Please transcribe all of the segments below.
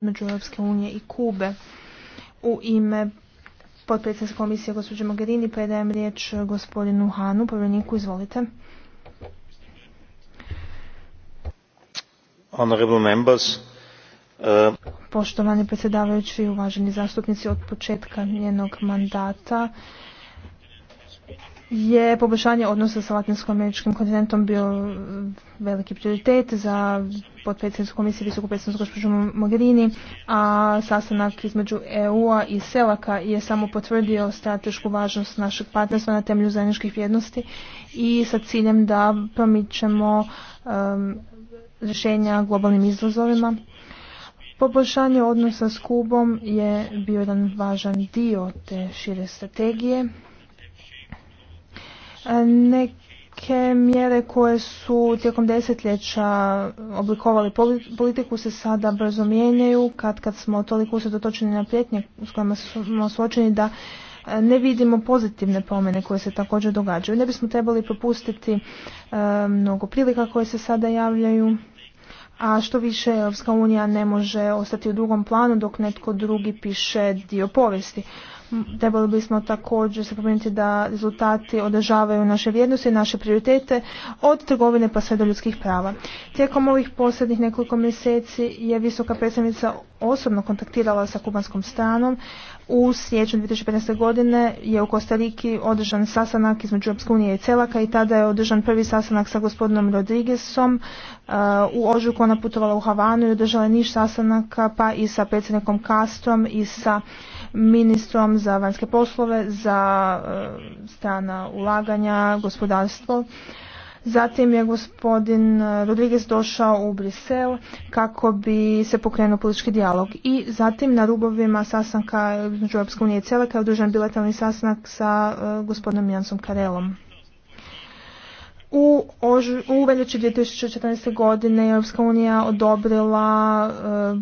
među Europske unije i Kube. U ime potpredsjednice komisije gospođe Mogherini predajem riječ gospodinu Hanu, povjereniku, izvolite. Honorable members, uh, Poštovani predsjedavajući i uvaženi zastupnici, od početka njenog mandata je poboljšanje odnosa sa Latinsko-Američkim kontinentom bio veliki prioritet za potpredsjednicu komisije visoku predsjednicu gospođu Mogherini, a sastanak između EU-a i Selaka je samo potvrdio stratešku važnost našeg partnerstva na temelju zajedničkih vrijednosti i sa ciljem da promičemo um, rješenja globalnim izazovima. Poboljšanje odnosa s Kubom je bio jedan važan dio te šire strategije Neke mjere koje su tijekom desetljeća oblikovali politiku se sada brzo mijenjaju kad kad smo toliko usredotočeni na prijetnje s kojima smo suočeni da ne vidimo pozitivne promjene koje se također događaju. Ne bismo trebali propustiti mnogo prilika koje se sada javljaju a što više Europska unija ne može ostati u drugom planu dok netko drugi piše dio povijesti. Trebali bismo također se pomenuti da rezultati održavaju naše vrijednosti i naše prioritete od trgovine pa sve do ljudskih prava. Tijekom ovih posljednjih nekoliko mjeseci je visoka predstavnica osobno kontaktirala sa kubanskom stranom. U siječnju 2015. godine je u Kostariki održan sastanak između Europske unije i Celaka i tada je održan prvi sastanak sa gospodinom Rodriguezom. Uh, u ožujku ona putovala u Havanu i održala niš sastanaka pa i sa predsjednikom Kastrom i sa ministrom za vanjske poslove, za e, strana ulaganja, gospodarstvo. Zatim je gospodin Rodriguez došao u Brisel kako bi se pokrenuo politički dijalog. I zatim na rubovima sastanka između Europske unije i je održan bilateralni sastanak sa e, gospodinom Jansom Karelom. U, u veljači 2014. godine Europska unija odobrila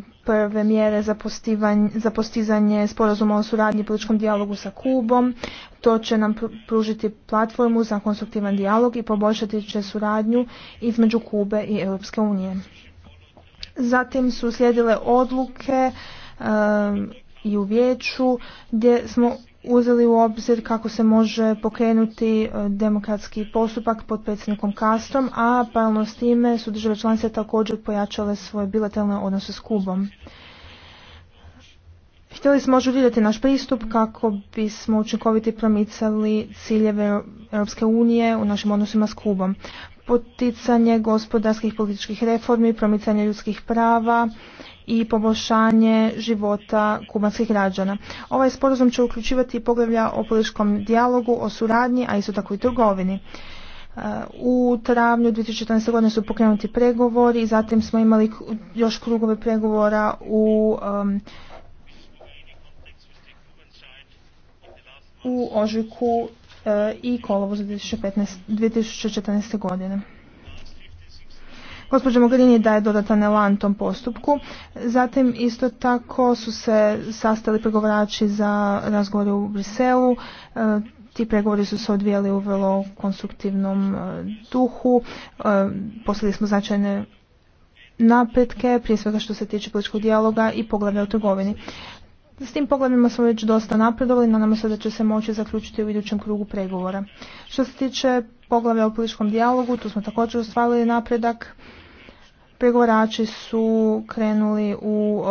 e, prve mjere za, postizanje sporazuma o suradnji i političkom dijalogu sa Kubom. To će nam pružiti platformu za konstruktivan dijalog i poboljšati će suradnju između Kube i Europske unije. Zatim su slijedile odluke ehm, i u vijeću gdje smo uzeli u obzir kako se može pokrenuti e, demokratski postupak pod predsjednikom Kastrom, a paralelno s time su države članice također pojačale svoje bilateralne odnose s Kubom. Htjeli smo ažurirati naš pristup kako bismo učinkoviti promicali ciljeve Europske unije u našim odnosima s Kubom. Poticanje gospodarskih političkih reformi, promicanje ljudskih prava i poboljšanje života kubanskih građana. Ovaj sporazum će uključivati poglavlja o političkom dijalogu, o suradnji, a isto tako i trgovini. E, u travnju 2014. godine su pokrenuti pregovori i zatim smo imali još krugove pregovora u u ožujku e, i kolovozu 2015, 2014. godine. Gospođa Mogherini daje dodatan elan tom postupku. Zatim isto tako su se sastali pregovorači za razgovore u Briselu. E, ti pregovori su se odvijali u vrlo konstruktivnom e, duhu. E, poslili smo značajne napretke, prije svega što se tiče političkog dijaloga i poglavlja o trgovini. S tim pogledima smo već dosta napredovali, nadamo se da će se moći zaključiti u idućem krugu pregovora. Što se tiče poglavlja o političkom dijalogu, tu smo također ostvarili napredak. Pregovarači su krenuli u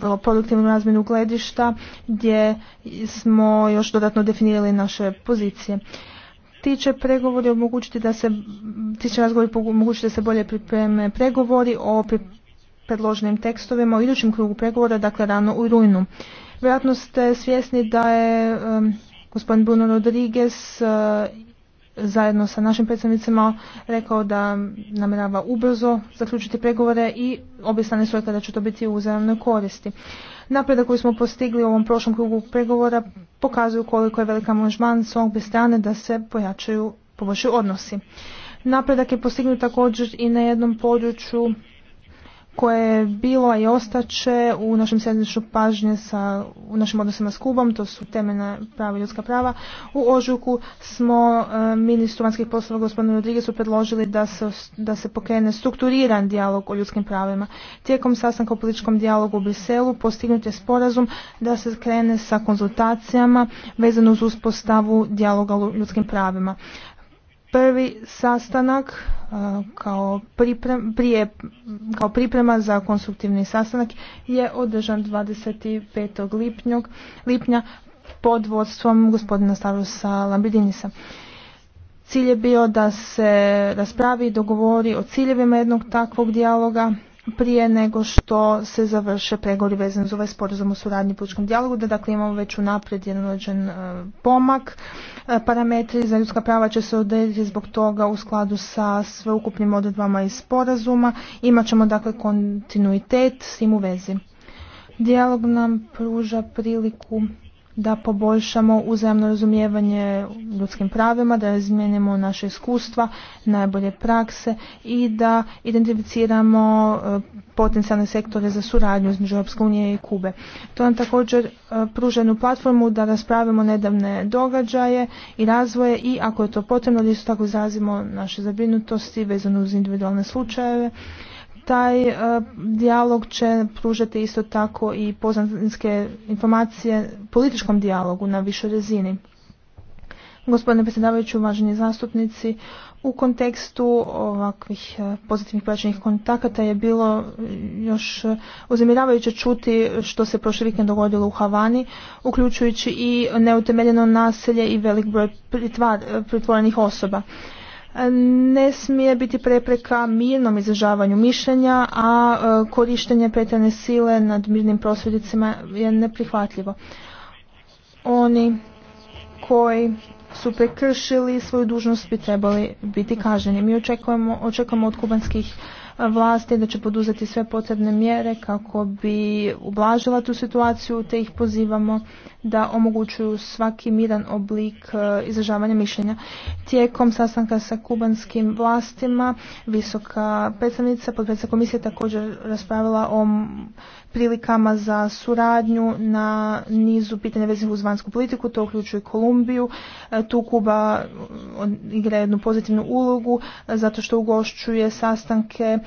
vrlo produktivnu razmjenu gledišta gdje smo još dodatno definirali naše pozicije. Ti će pregovori omogućiti da se, ti će razgovori omogućiti da se bolje pripreme pregovori o predloženim tekstovima u idućem krugu pregovora, dakle rano u rujnu. Vjerojatno ste svjesni da je gospodin Bruno Rodriguez zajedno sa našim predstavnicima rekao da namjerava ubrzo zaključiti pregovore i obje su rekla da će to biti u uzajamnoj koristi. Napredak koji smo postigli u ovom prošlom krugu pregovora pokazuju koliko je velika manžman s obje strane da se pojačaju poboljšaju odnosi. Napredak je postignut također i na jednom području koje je bilo i ostaće u našem središtu pažnje sa, u našim odnosima s Kubom, to su temeljna prava i ljudska prava. U Ožujku smo e, ministru vanjskih poslova gospodinu su predložili da se, da se pokrene strukturiran dijalog o ljudskim pravima. Tijekom sastanka o političkom dijalogu u Briselu postignut je sporazum da se krene sa konzultacijama vezano uz uspostavu dijaloga o ljudskim pravima prvi sastanak e, kao, kao priprema za konstruktivni sastanak je održan 25. lipnja, lipnja pod vodstvom gospodina Starosa Lambidinisa. Cilj je bio da se raspravi i dogovori o ciljevima jednog takvog dijaloga, prije nego što se završe pregovori vezani za ovaj sporazum u suradnji političkom dijalogu, da dakle imamo već unaprijed jedan e, pomak. E, parametri za ljudska prava će se odrediti zbog toga u skladu sa sveukupnim odredbama iz sporazuma. Imaćemo dakle kontinuitet s tim u vezi. Dijalog nam pruža priliku da poboljšamo uzajamno razumijevanje ljudskim pravima, da izmijenimo naše iskustva, najbolje prakse i da identificiramo e, potencijalne sektore za suradnju između Europske unije i Kube. To nam također e, pruža jednu platformu da raspravimo nedavne događaje i razvoje i ako je to potrebno da isto tako izrazimo naše zabrinutosti vezano uz individualne slučajeve taj e, dijalog će pružati isto tako i poznatinske informacije političkom dijalogu na višoj razini. Gospodine predsjedavajući, uvaženi zastupnici, u kontekstu ovakvih e, pozitivnih praćenih kontakata je bilo još uzemiravajuće čuti što se prošli vikend dogodilo u Havani, uključujući i neutemeljeno naselje i velik broj e, pritvorenih osoba ne smije biti prepreka mirnom izražavanju mišljenja, a e, korištenje petane sile nad mirnim prosvjedicima je neprihvatljivo. Oni koji su prekršili svoju dužnost bi trebali biti kažnjeni. Mi očekujemo, očekujemo od kubanskih e, vlasti da će poduzeti sve potrebne mjere kako bi ublažila tu situaciju te ih pozivamo da omogućuju svaki miran oblik e, izražavanja mišljenja. Tijekom sastanka sa kubanskim vlastima visoka predstavnica, potpredsjednica komisije također raspravila o prilikama za suradnju na nizu pitanja vezanih uz vanjsku politiku, to uključuje Kolumbiju. E, tu Kuba mm, igra jednu pozitivnu ulogu e, zato što ugošćuje sastanke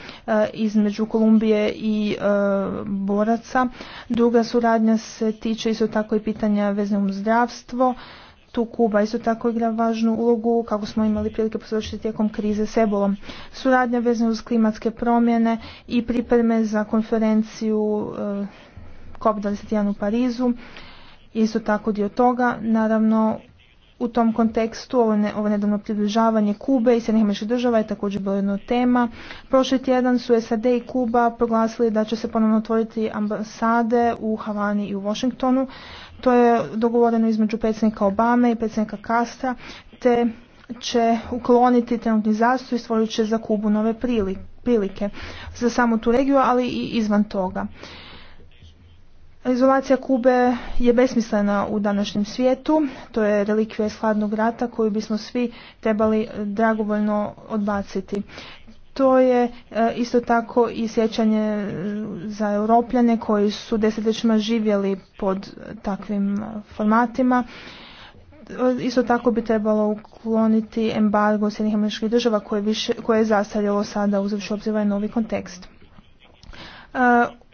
između Kolumbije i boraca. Druga suradnja se tiče isto tako i pitanja pitanja vezano uz zdravstvo. Tu Kuba isto tako igra važnu ulogu kako smo imali prilike posvršiti tijekom krize s ebolom. Suradnja vezana uz klimatske promjene i pripreme za konferenciju eh, COP21 u Parizu. Isto tako dio toga, naravno u tom kontekstu ovo, ne, ovo nedavno približavanje Kube i Sjednih država je također bilo jedno tema. Prošli tjedan su SAD i Kuba proglasili da će se ponovno otvoriti ambasade u Havani i u Washingtonu. To je dogovoreno između predsjednika Obame i predsjednika Kastra, te će ukloniti trenutni zastoj i stvorit će za Kubu nove prilike za samu tu regiju, ali i izvan toga. Izolacija Kube je besmislena u današnjem svijetu, to je relikvija iz hladnog rata koju bismo svi trebali dragovoljno odbaciti. To je e, isto tako i sjećanje e, za europljane koji su desetljećima živjeli pod takvim e, formatima. Isto tako bi trebalo ukloniti embargo Sjednih američkih država koje, više, je zastavljalo sada uzavši obzir ovaj novi kontekst.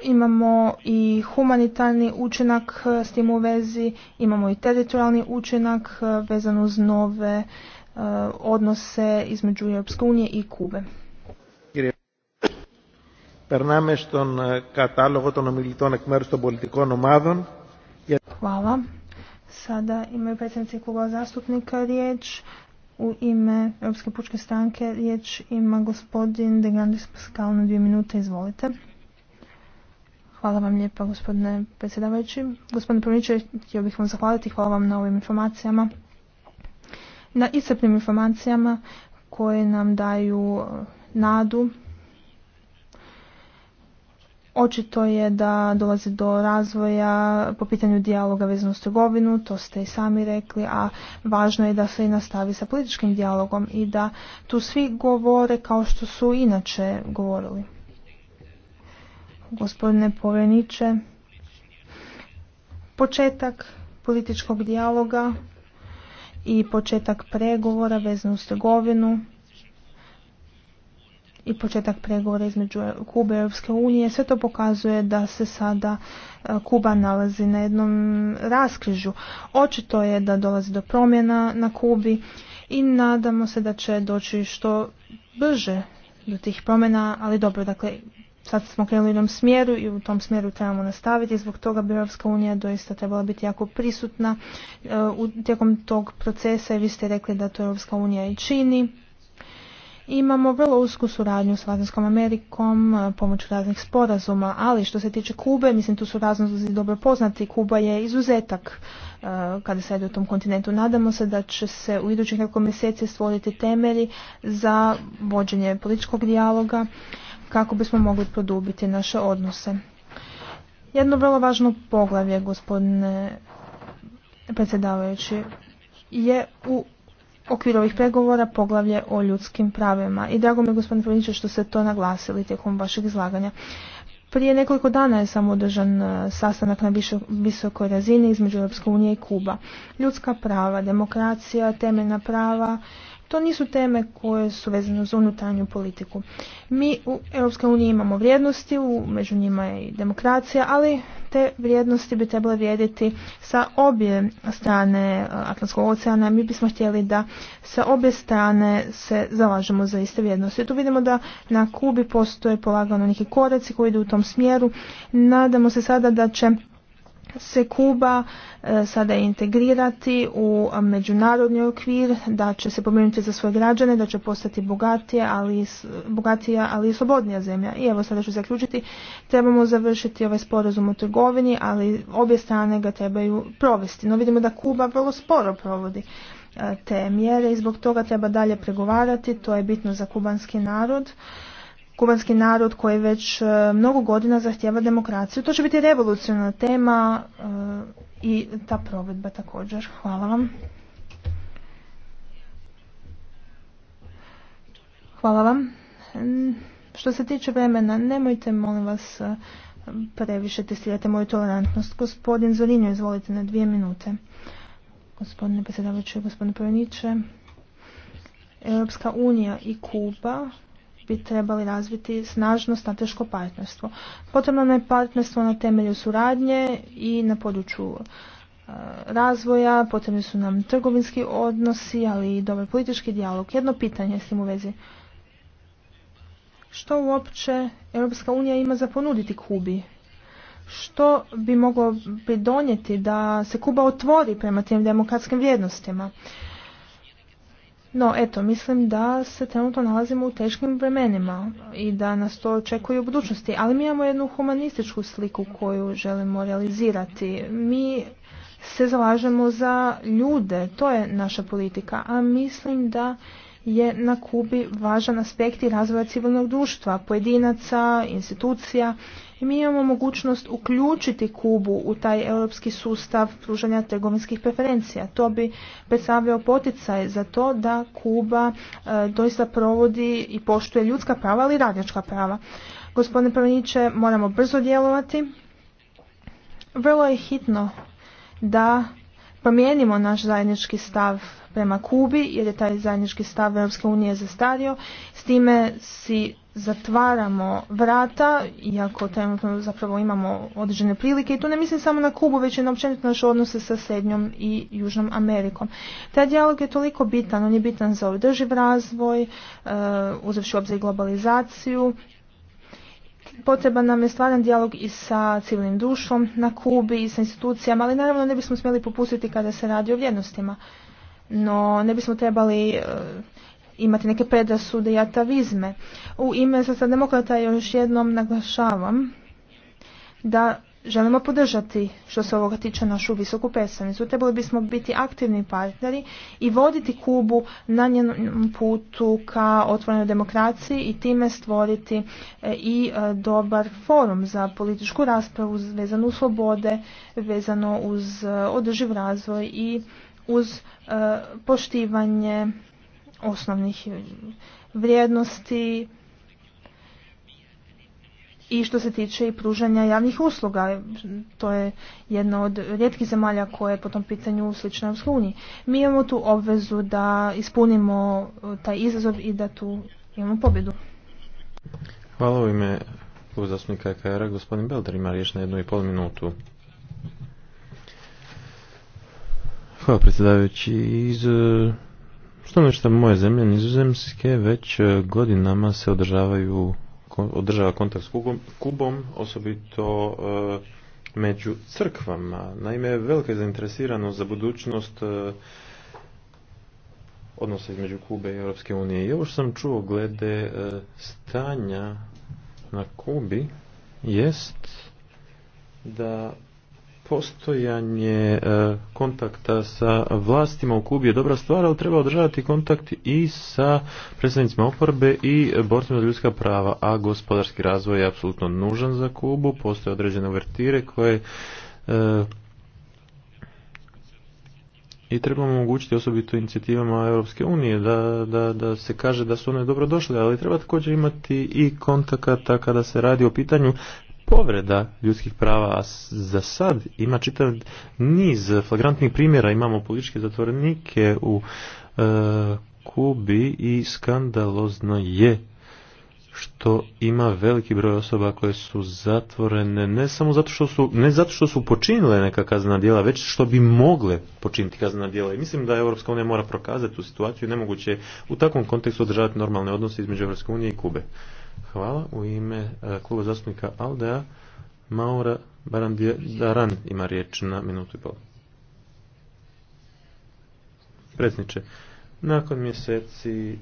imamo i humanitarni učinak s tim u vezi, imamo i teritorijalni učinak vezan uz nove odnose između Europske unije i Kube. Περνάμε στον κατάλογο των ομιλητών εκ Hvala. Sada imaju predsjednici kluba zastupnika riječ. U ime Europske pučke stranke riječ ima gospodin De Grandis Pascal na dvije minute. Izvolite. Hvala vam lijepa gospodine predsjedavajući. Gospodine Proniče, htio bih vam zahvaliti. Hvala vam na ovim informacijama. Na iscrpnim informacijama koje nam daju e, nadu Očito je da dolazi do razvoja po pitanju dijaloga vezano s trgovinu, to ste i sami rekli, a važno je da se i nastavi sa političkim dijalogom i da tu svi govore kao što su inače govorili. Gospodine povjereniče, početak političkog dijaloga i početak pregovora vezano uz trgovinu i početak pregovora između Kube i Europske unije. Sve to pokazuje da se sada e, Kuba nalazi na jednom raskrižu. Očito je da dolazi do promjena na Kubi i nadamo se da će doći što brže do tih promjena, ali dobro, dakle, sad smo krenuli u jednom smjeru i u tom smjeru trebamo nastaviti. Zbog toga bi Europska unija doista trebala biti jako prisutna e, tijekom tog procesa i vi ste rekli da to Europska unija i čini Imamo vrlo usku suradnju s Latinskom Amerikom e, pomoću raznih sporazuma, ali što se tiče Kube, mislim tu su raznozi dobro poznati. Kuba je izuzetak e, kada se radi o tom kontinentu. Nadamo se da će se u idućih nekoliko mjeseci stvoriti temelji za vođenje političkog dijaloga kako bismo mogli produbiti naše odnose. Jedno vrlo važno poglavlje, gospodine predsjedavajući, je u okvir ovih pregovora poglavlje o ljudskim pravima. I drago mi je gospodin što ste to naglasili tijekom vašeg izlaganja. Prije nekoliko dana je sam održan e, sastanak na visokoj razini između Europske unije i Kuba. Ljudska prava, demokracija, temeljna prava, to nisu teme koje su vezane uz unutarnju politiku. Mi u EU imamo vrijednosti, u, među njima je i demokracija, ali te vrijednosti bi trebale vrijediti sa obje strane e, Atlantskog oceana. Mi bismo htjeli da sa obje strane se zalažemo za iste vrijednosti. Tu vidimo da na Kubi postoje polagano neki koraci koji idu u tom smjeru. Nadamo se sada da će se Kuba e, sada integrirati u međunarodni okvir, da će se pominuti za svoje građane, da će postati bogatija, ali, bogatija, ali i slobodnija zemlja. I evo sada ću zaključiti, trebamo završiti ovaj sporazum o trgovini, ali obje strane ga trebaju provesti. No vidimo da Kuba vrlo sporo provodi e, te mjere i zbog toga treba dalje pregovarati, to je bitno za kubanski narod kubanski narod koji već e, mnogo godina zahtjeva demokraciju. To će biti revolucionalna tema e, i ta provedba također. Hvala vam. Hvala vam. Što se tiče vremena, nemojte, molim vas, e, previše testirati moju tolerantnost. Gospodin Zorinjo, izvolite na dvije minute. Gospodine predsjedavajući, gospodine Prveniće, Europska unija i Kuba bi trebali razviti snažno strateško partnerstvo. Potrebno nam je partnerstvo na temelju suradnje i na području e, razvoja, potrebni su nam trgovinski odnosi, ali i dobar politički dijalog. Jedno pitanje s tim u vezi. Što uopće Europska unija ima za ponuditi Kubi? Što bi moglo pridonijeti da se Kuba otvori prema tim demokratskim vrijednostima? No, eto, mislim da se trenutno nalazimo u teškim vremenima i da nas to očekuje u budućnosti, ali mi imamo jednu humanističku sliku koju želimo realizirati. Mi se zalažemo za ljude, to je naša politika, a mislim da je na Kubi važan aspekt i razvoja civilnog društva, pojedinaca, institucija i mi imamo mogućnost uključiti Kubu u taj europski sustav pružanja trgovinskih preferencija. To bi predstavljao poticaj za to da Kuba e, doista provodi i poštuje ljudska prava ali i radnička prava. Gospodine Prveniće, moramo brzo djelovati. Vrlo je hitno da promijenimo naš zajednički stav prema Kubi, jer je taj zajednički stav Europske unije zastario. S time si zatvaramo vrata, iako trenutno zapravo imamo određene prilike i tu ne mislim samo na Kubu, već i na općenito naše odnose sa Srednjom i Južnom Amerikom. Taj dijalog je toliko bitan, on je bitan za održiv razvoj, e, uzevši obzir globalizaciju, potreban nam je stvaran dijalog i sa civilnim društvom na Kubi i sa institucijama, ali naravno ne bismo smjeli popustiti kada se radi o vrijednostima. No, ne bismo trebali e, imati neke predrasude i atavizme. U ime socijaldemokrata još jednom naglašavam da želimo podržati što se ovoga tiče našu visoku predstavnicu. Trebali bismo biti aktivni partneri i voditi Kubu na njenom putu ka otvorenoj demokraciji i time stvoriti e, i e, dobar forum za političku raspravu vezanu uz slobode, vezano uz e, održiv razvoj i uz poštivanje osnovnih vrijednosti i što se tiče i pružanja javnih usluga. To je jedna od rijetkih zemalja koja je po tom pitanju slična u Mi imamo tu obvezu da ispunimo e, taj izazov i da tu imamo pobjedu. Hvala u ime a gospodin Belder ima riječ na jednu i pol minutu. Hvala predsjedavajući. Iz e, stanovišta moje zemlje nizozemske već e, godinama se održavaju održava kontakt s Kubom, osobito e, među crkvama. Naime, velika je zainteresiranost za budućnost e, odnosa između Kube i Europske unije. I ovo što sam čuo glede e, stanja na Kubi jest da postojanje e, kontakta sa vlastima u Kubi je dobra stvar, ali treba održavati kontakt i sa predstavnicima oporbe i borcima za ljudska prava, a gospodarski razvoj je apsolutno nužan za Kubu, postoje određene uvertire koje e, i trebamo omogućiti osobito inicijativama Europske unije da, da, da se kaže da su one dobro došle, ali treba također imati i kontakata kada se radi o pitanju povreda ljudskih prava, a za sad ima čitav niz flagrantnih primjera. Imamo političke zatvorenike u e, Kubi i skandalozno je što ima veliki broj osoba koje su zatvorene ne samo zato što su, ne zato što su počinile neka kaznena djela, već što bi mogle počiniti kaznena djela. I mislim da Europska unija mora prokazati tu situaciju i nemoguće u takvom kontekstu održavati normalne odnose između Europske unije i Kube. Hvala. U ime e, kluba zastupnika Aldea, Maura Barandaran ima riječ na minutu i pol. Predsjedniče, nakon mjeseci e,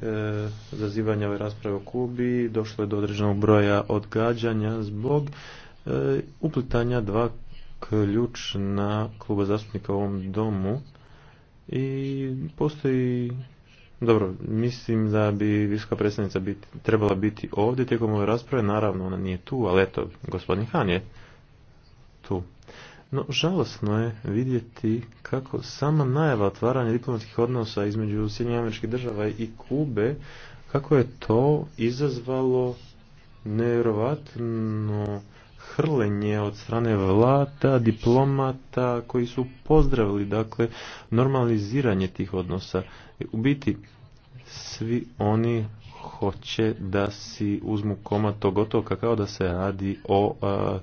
zazivanja ove rasprave o Kubi došlo je do određenog broja odgađanja zbog e, uplitanja dva ključna kluba zastupnika u ovom domu i postoji dobro, mislim da bi visoka predstavnica trebala biti ovdje tijekom ove rasprave. Naravno, ona nije tu, ali eto, gospodin Han je tu. No, žalosno je vidjeti kako sama najava otvaranja diplomatskih odnosa između Sjedinjenih američkih i Kube, kako je to izazvalo nevjerovatno hrlenje od strane vlada, diplomata koji su pozdravili dakle normaliziranje tih odnosa. U biti svi oni hoće da si uzmu komad tog otoka kao da se radi o a,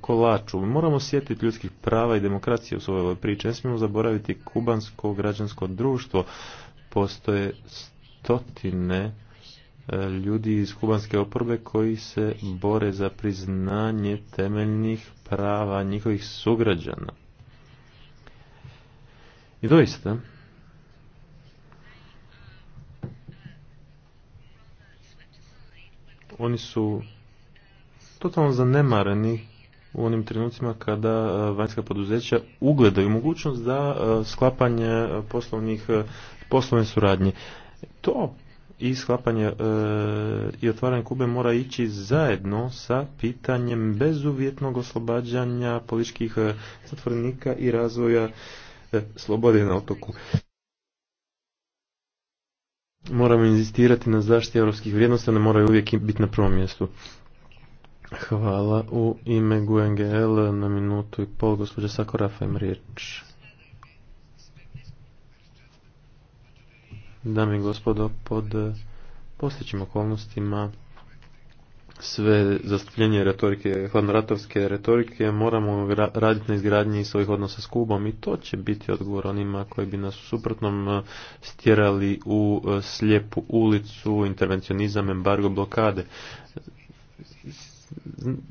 kolaču. Moramo sjetiti ljudskih prava i demokracije u svojoj priči. Ne smijemo zaboraviti kubansko građansko društvo. Postoje stotine E, ljudi iz kubanske oporbe koji se bore za priznanje temeljnih prava njihovih sugrađana. I doista, oni su totalno zanemareni u onim trenucima kada e, vanjska poduzeća ugledaju mogućnost da e, sklapanje poslovnih, poslovne suradnje. To i sklapanje e, i otvaranje Kube mora ići zajedno sa pitanjem bezuvjetnog oslobađanja političkih e, zatvornika i razvoja e, slobode na otoku. Moramo inzistirati na zaštiti europskih vrijednosti, ne moraju uvijek biti na prvom mjestu. Hvala. U ime GUNGL na minutu i pol gospođa Sakorafa im riječ. Dame i gospodo, pod eh, postojećim okolnostima sve zastupljenje retorike, hladnoratovske retorike, moramo raditi na izgradnji svojih odnosa s Kubom i to će biti odgovor onima koji bi nas u suprotnom eh, stjerali u eh, slijepu ulicu, intervencionizam, embargo, blokade.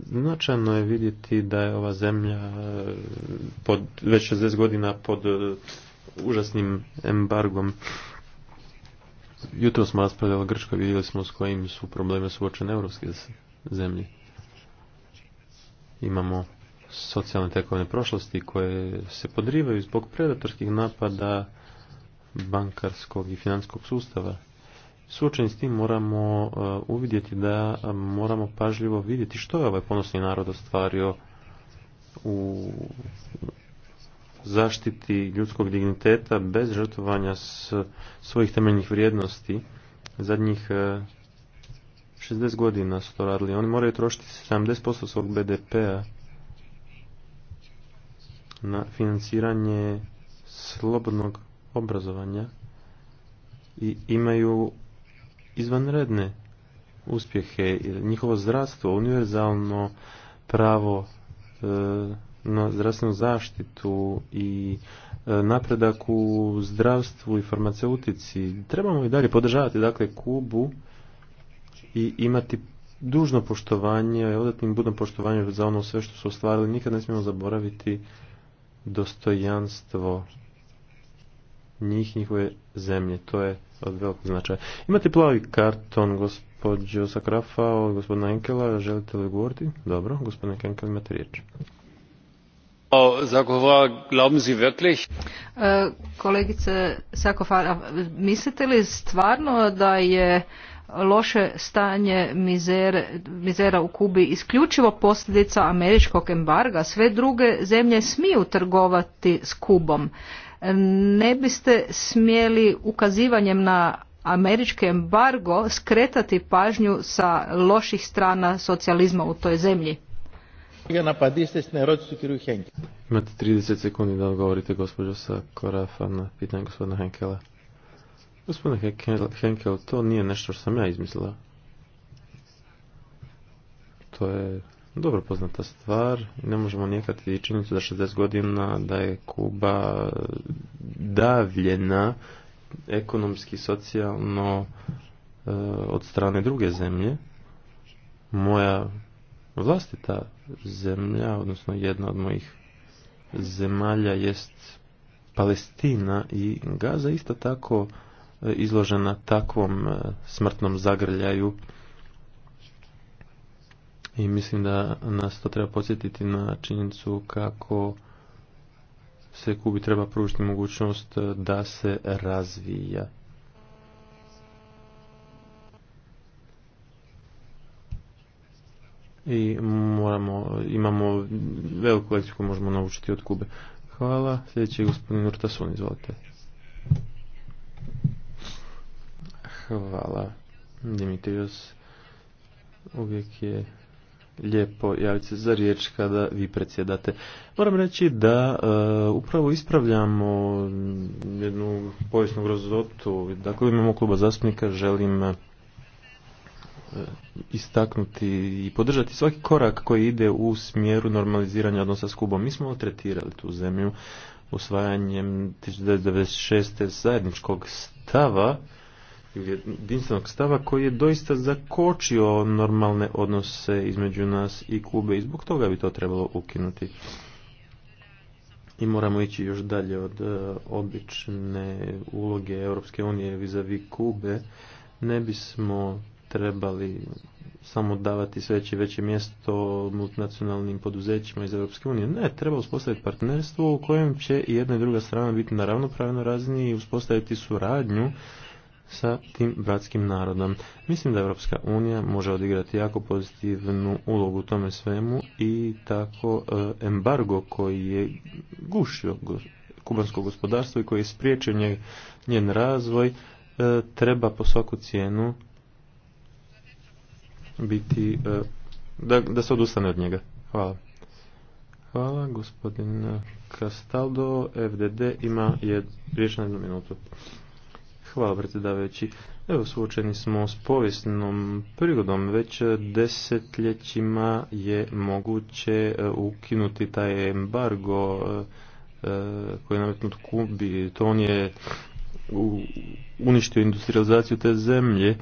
Značajno je vidjeti da je ova zemlja pod, već 60 godina pod užasnim embargom jutro smo raspravljali Grčkoj, vidjeli smo s kojim su probleme suočene europske zemlje. Imamo socijalne tekovne prošlosti koje se podrivaju zbog predatorskih napada bankarskog i financijskog sustava. Suočeni s tim moramo uh, uvidjeti da moramo pažljivo vidjeti što je ovaj ponosni narod ostvario u zaštiti ljudskog digniteta bez žrtvovanja svojih temeljnih vrijednosti. Zadnjih 60 e, godina su to radili. Oni moraju trošiti 70% svog BDP-a na financiranje slobodnog obrazovanja i imaju izvanredne uspjehe. Njihovo zdravstvo, univerzalno pravo e, na zdravstvenu zaštitu i e, napredak u zdravstvu i farmaceutici. Trebamo i dalje podržavati dakle Kubu i imati dužno poštovanje, odatnim budom poštovanje za ono sve što su ostvarili. Nikad ne smijemo zaboraviti dostojanstvo njih, njihove zemlje. To je od velikog značaja. Imate plavi karton, gospođo Sakrafa, od gospodina Enkela. Želite li govoriti? Dobro, gospodine Enkel, imate riječ. E, kolegice Sakofara, mislite li stvarno da je loše stanje mizera u Kubi isključivo posljedica američkog embarga? Sve druge zemlje smiju trgovati s Kubom. Ne biste smjeli ukazivanjem na američki embargo skretati pažnju sa loših strana socijalizma u toj zemlji? Imate 30 sekundi da odgovorite gospođo sa Korafa na pitanje gospodina Henkela. Gospodine Henkel, to nije nešto što sam ja izmislila. To je dobro poznata stvar i ne možemo nijekati činjenicu da 60 godina da je Kuba davljena ekonomski, socijalno e, od strane druge zemlje. Moja vlastita zemlja, odnosno jedna od mojih zemalja jest Palestina i Gaza isto tako e, izložena takvom e, smrtnom zagrljaju i mislim da nas to treba podsjetiti na činjenicu kako se Kubi treba pružiti mogućnost e, da se razvija. i moramo, imamo veliku lekciju koju možemo naučiti od Kube. Hvala. Sljedeći je gospodin Urtasun, izvolite. Hvala. Dimitrios, uvijek je lijepo javiti se za riječ kada vi predsjedate. Moram reći da e, upravo ispravljamo jednu povijesnu grozotu. Dakle, imamo kluba zastupnika želim istaknuti i podržati svaki korak koji ide u smjeru normaliziranja odnosa s Kubom. Mi smo tretirali tu zemlju usvajanjem 1996. zajedničkog stava ili jedinstvenog stava koji je doista zakočio normalne odnose između nas i Kube i zbog toga bi to trebalo ukinuti. I moramo ići još dalje od e, obične uloge Europske unije vis-a-vis Kube. Ne bismo trebali samo davati sve veće mjesto multinacionalnim poduzećima iz Europske unije. Ne, treba uspostaviti partnerstvo u kojem će i jedna i druga strana biti na ravnopravnoj razini i uspostaviti suradnju sa tim bratskim narodom. Mislim da Europska unija može odigrati jako pozitivnu ulogu u tome svemu i tako e, embargo koji je gušio kubansko gospodarstvo i koji je spriječio njen razvoj e, treba po svaku cijenu biti, e, da, da se odustane od njega. Hvala. Hvala, gospodin Castaldo, FDD ima je riječ na jednu minutu. Hvala, predsjedavajući. Evo, suočeni smo s povijesnom prigodom. Već desetljećima je moguće e, ukinuti taj embargo e, koji je nametnut Kubi. To on je uništio industrializaciju te zemlje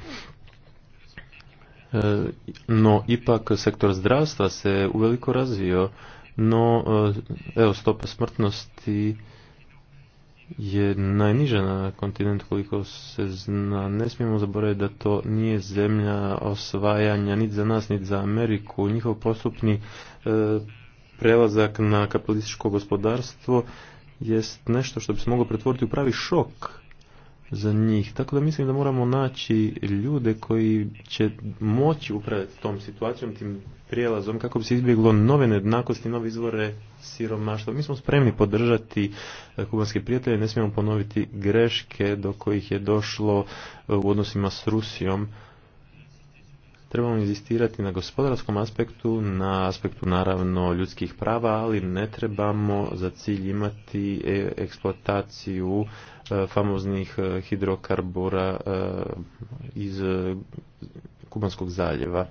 E, no ipak sektor zdravstva se uveliko razvio, no e, evo stopa smrtnosti je najniža na kontinent koliko se zna. Ne smijemo zaboraviti da to nije zemlja osvajanja niti za nas, niti za Ameriku. Njihov postupni e, prelazak na kapitalističko gospodarstvo jest nešto što bi se moglo pretvoriti u pravi šok za njih. Tako da mislim da moramo naći ljude koji će moći upravljati tom situacijom, tim prijelazom, kako bi se izbjeglo nove nejednakosti, nove izvore siromaštva. Mi smo spremni podržati e, kubanske prijatelje, ne smijemo ponoviti greške do kojih je došlo e, u odnosima s Rusijom trebamo inzistirati na gospodarskom aspektu, na aspektu naravno ljudskih prava, ali ne trebamo za cilj imati e, eksploataciju e, famoznih e, hidrokarbora iz Kubanskog zaljeva.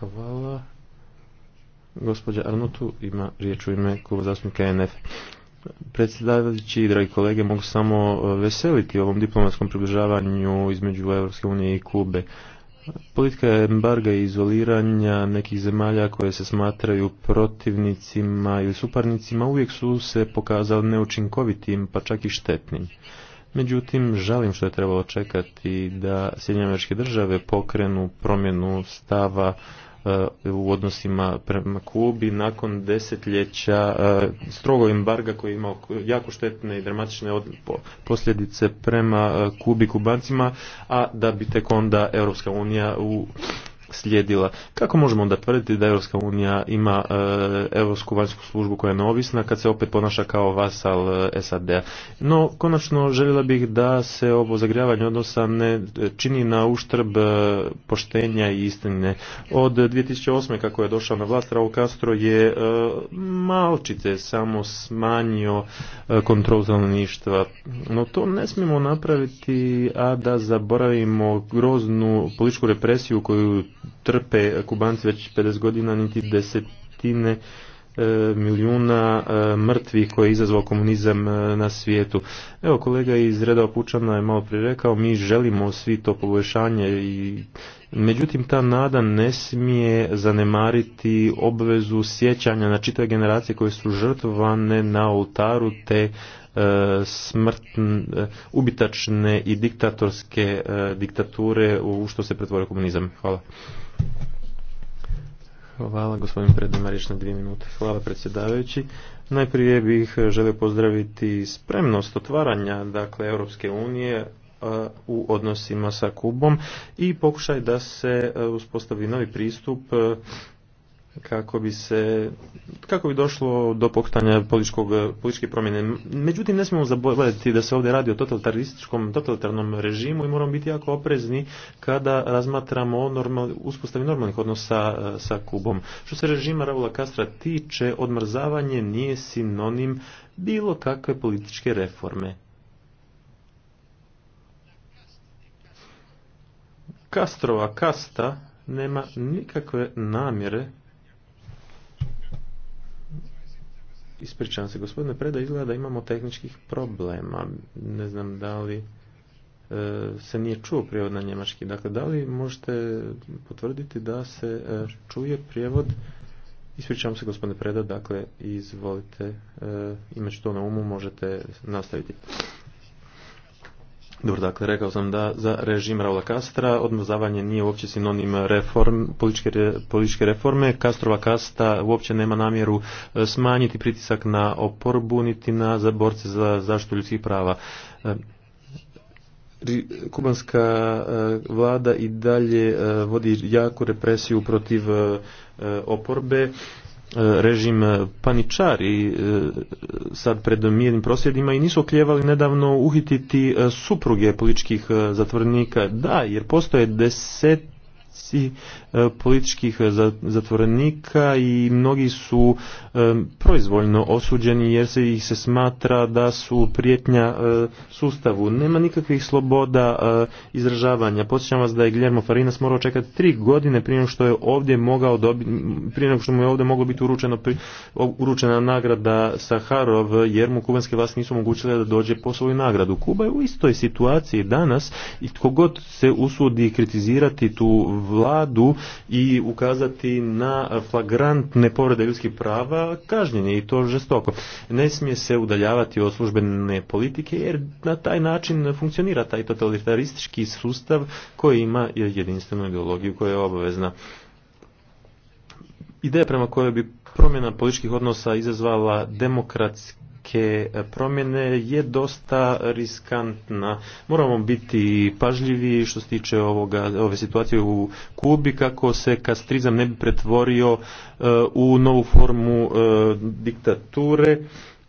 Hvala. Gospođa Arnutu ima riječ u ime kluba zastupnika Predsjedavajući i dragi kolege, mogu samo veseliti ovom diplomatskom približavanju između Europske unije i Kube. Politika embarga i izoliranja nekih zemalja koje se smatraju protivnicima ili suparnicima uvijek su se pokazali neučinkovitim pa čak i štetnim. Međutim, žalim što je trebalo čekati da Sjedinjene države pokrenu promjenu stava E, u odnosima prema Kubi nakon desetljeća e, strogo embarga koji je imao jako štetne i dramatične posljedice prema e, Kubi kubancima, a da bi tek onda Europska unija u slijedila. Kako možemo onda tvrditi da Europska unija ima e, Europsku vanjsku službu koja je neovisna kad se opet ponaša kao vasal e, SAD-a? No, konačno željela bih da se ovo zagrijavanje odnosa ne čini na uštrb e, poštenja i istine. Od 2008. kako je došao na vlast, Raul Castro je malčice samo smanjio kontrol stanovništva. No, to ne smijemo napraviti, a da zaboravimo groznu političku represiju koju trpe kubanci već 50 godina, niti desetine e, milijuna e, mrtvih koje je izazvao komunizam e, na svijetu. Evo kolega iz reda Pučana je malo prije rekao, mi želimo svi to poboljšanje i međutim ta nada ne smije zanemariti obvezu sjećanja na čitave generacije koje su žrtvane na oltaru te E, smrt e, ubitačne i diktatorske e, diktature u što se pretvore komunizam. Hvala. Hvala gospodin Prednamarić na dvije minute. Hvala predsjedavajući. Najprije bih želio pozdraviti spremnost otvaranja dakle Europske unije u odnosima sa Kubom i pokušaj da se uspostavi novi pristup kako bi se kako bi došlo do pokretanja političke promjene. Međutim, ne smijemo zaboraviti da se ovdje radi o totalitarističkom, totalitarnom režimu i moramo biti jako oprezni kada razmatramo normal, uspostavi normalnih odnosa e, sa Kubom. Što se režima Raula Kastra tiče, odmrzavanje nije sinonim bilo kakve političke reforme. Kastrova kasta nema nikakve namjere Ispričavam se, gospodine Preda, izgleda da imamo tehničkih problema. Ne znam da li e, se nije čuo prijevod na njemački. Dakle, da li možete potvrditi da se e, čuje prijevod? Ispričavam se, gospodine Preda, dakle, izvolite, e, ću to na umu, možete nastaviti. Dobro, dakle, rekao sam da za režim Raula Kastra odmrzavanje nije uopće sinonim reform, političke, političke reforme. Kastrova kasta uopće nema namjeru e, smanjiti pritisak na oporbu niti na borce za zaštitu ljudskih prava. E, kubanska e, vlada i dalje vodi jaku represiju protiv oporbe. E, režim e, paničari e, sad pred mirnim prosvjedima i nisu okljevali nedavno uhititi supruge političkih zatvornika. Da, jer postoje deseci E, političkih e, zatvorenika i mnogi su e, proizvoljno osuđeni jer se ih se smatra da su prijetnja sustavu. Nema nikakvih sloboda izražavanja. Podsjećam vas da je Guillermo Farinas morao čekati tri godine prije što je ovdje mogao dobiti, prije nego što mu je ovdje moglo biti uručeno, uručena nagrada Saharov jer mu kubanske vlasti nisu omogućile da dođe po svoju nagradu. Kuba je u istoj situaciji danas i tko god se usudi kritizirati tu vladu i ukazati na flagrantne povrede ljudskih prava kažnjenje i to žestoko. Ne smije se udaljavati od službene politike jer na taj način funkcionira taj totalitaristički sustav koji ima jedinstvenu ideologiju koja je obavezna. Ideja prema kojoj bi promjena političkih odnosa izazvala demokratski klimatske e, promjene je dosta riskantna. Moramo biti pažljivi što se tiče ovoga, ove situacije u Kubi kako se kastrizam ne bi pretvorio e, u novu formu e, diktature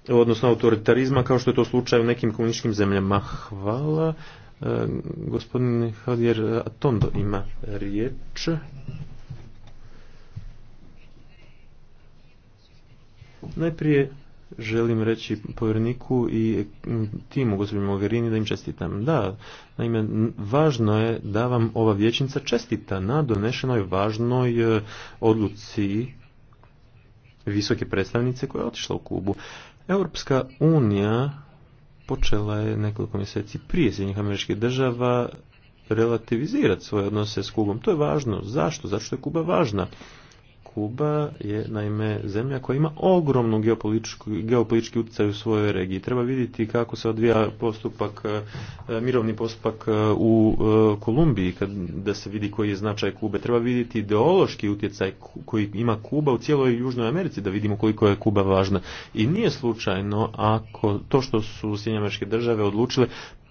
odnosno autoritarizma kao što je to slučaj u nekim komunističkim zemljama. Hvala. Gospodin Javier Atondo ima riječ. Najprije želim reći povjerniku i mm, timu gospodinu Mogherini da im čestitam. Da, naime, važno je da vam ova vječnica čestita na donešenoj važnoj e, odluci visoke predstavnice koja je otišla u Kubu. Europska unija počela je nekoliko mjeseci prije Sjednjih američkih država relativizirati svoje odnose s Kubom. To je važno. Zašto? Zašto je Kuba važna? Kuba je naime zemlja koja ima ogromnu geopolitički utjecaj u svojoj regiji. Treba vidjeti kako se odvija postupak, e, mirovni postupak e, u e, Kolumbiji, kad, da se vidi koji je značaj Kube. Treba vidjeti ideološki utjecaj koji ima Kuba u cijeloj Južnoj Americi, da vidimo koliko je Kuba važna. I nije slučajno ako to što su Sjedinjameške države odlučile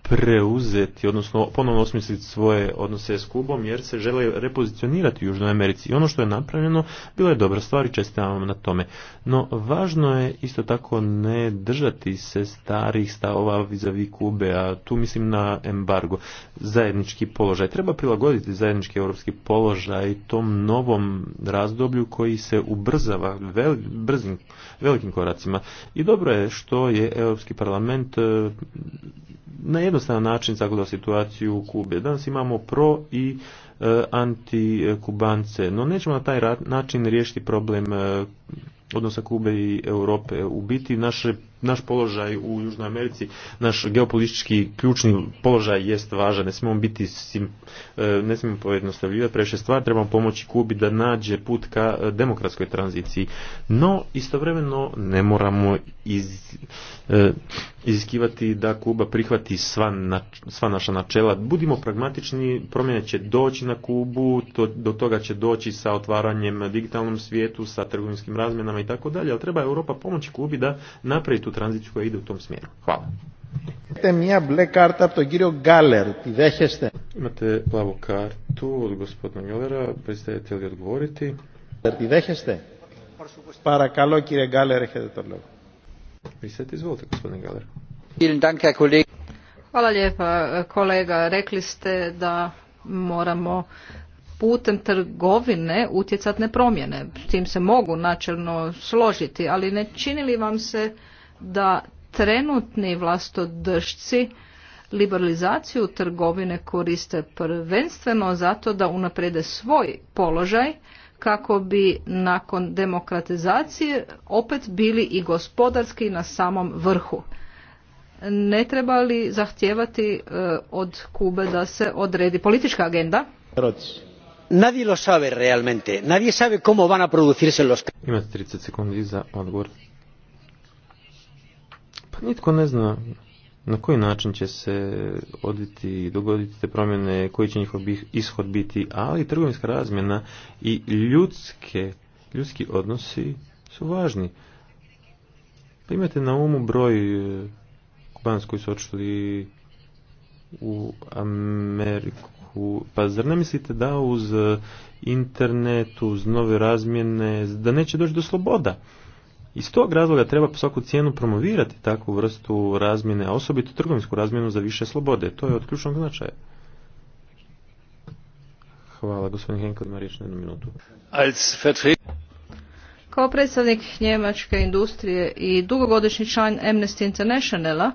preuzeti, odnosno ponovno osmisliti svoje odnose s Kubom jer se žele repozicionirati u Južnoj Americi. I ono što je napravljeno bilo je dobra stvar i čestitam vam na tome. No važno je isto tako ne držati se starih stavova vizavi Kube, a tu mislim na embargo. Zajednički položaj. Treba prilagoditi zajednički europski položaj tom novom razdoblju koji se ubrzava brzim, velikim koracima. I dobro je što je Europski parlament eh, na jednostavan način zagleda situaciju u Kube. Danas imamo pro i e, anti-kubance, no nećemo na taj način riješiti problem e, odnosa Kube i Europe. U biti naše naš položaj u Južnoj Americi, naš geopolitički ključni položaj jest važan. Ne smijemo biti, e, ne smijemo pojednostavljivati previše stvar, trebamo pomoći Kubi da nađe put ka e, demokratskoj tranziciji. No, istovremeno ne moramo iz, e, iziskivati da Kuba prihvati sva, sva naša načela. Budimo pragmatični, promjene će doći na Kubu, to, do toga će doći sa otvaranjem digitalnom svijetu, sa trgovinskim razmjenama i tako dalje, ali treba Europa pomoći Kubi da napravi tu tranziciju koja ide u tom smjeru. Hvala. Imate ble karta od tog Girio Galer, ti veheste Imate plavu kartu od gospodina Galera, prestajete li odgovoriti? Ti deheste? Parakalo, kire Galer, ehete to logo. Pristajte, izvolite, gospodine Galer. Hvala lijepa, kolega. Rekli ste da moramo putem trgovine na promjene. S tim se mogu načelno složiti, ali ne čini li vam se da trenutni vlastodržci liberalizaciju trgovine koriste prvenstveno zato da unaprede svoj položaj kako bi nakon demokratizacije opet bili i gospodarski na samom vrhu. Ne treba li zahtijevati e, od Kube da se odredi politička agenda? Nadie lo sabe realmente. Nadie sabe van a producirse los... Imate 30 sekundi za odgovor. Pa nitko ne zna na koji način će se odviti i dogoditi te promjene, koji će njihov ishod biti, ali trgovinska razmjena i ljudske, ljudski odnosi su važni. Pa imate na umu broj e, kubanskoj koji su u Ameriku. Pa zar ne mislite da uz internet, uz nove razmjene, da neće doći do sloboda? Iz tog razloga treba po svaku cijenu promovirati takvu vrstu razmjene, a osobito trgovinsku razmjenu za više slobode. To je od ključnog značaja. Hvala, gospodin na jednu minutu. Kao predstavnik njemačke industrije i dugogodišnji član Amnesty Internationala,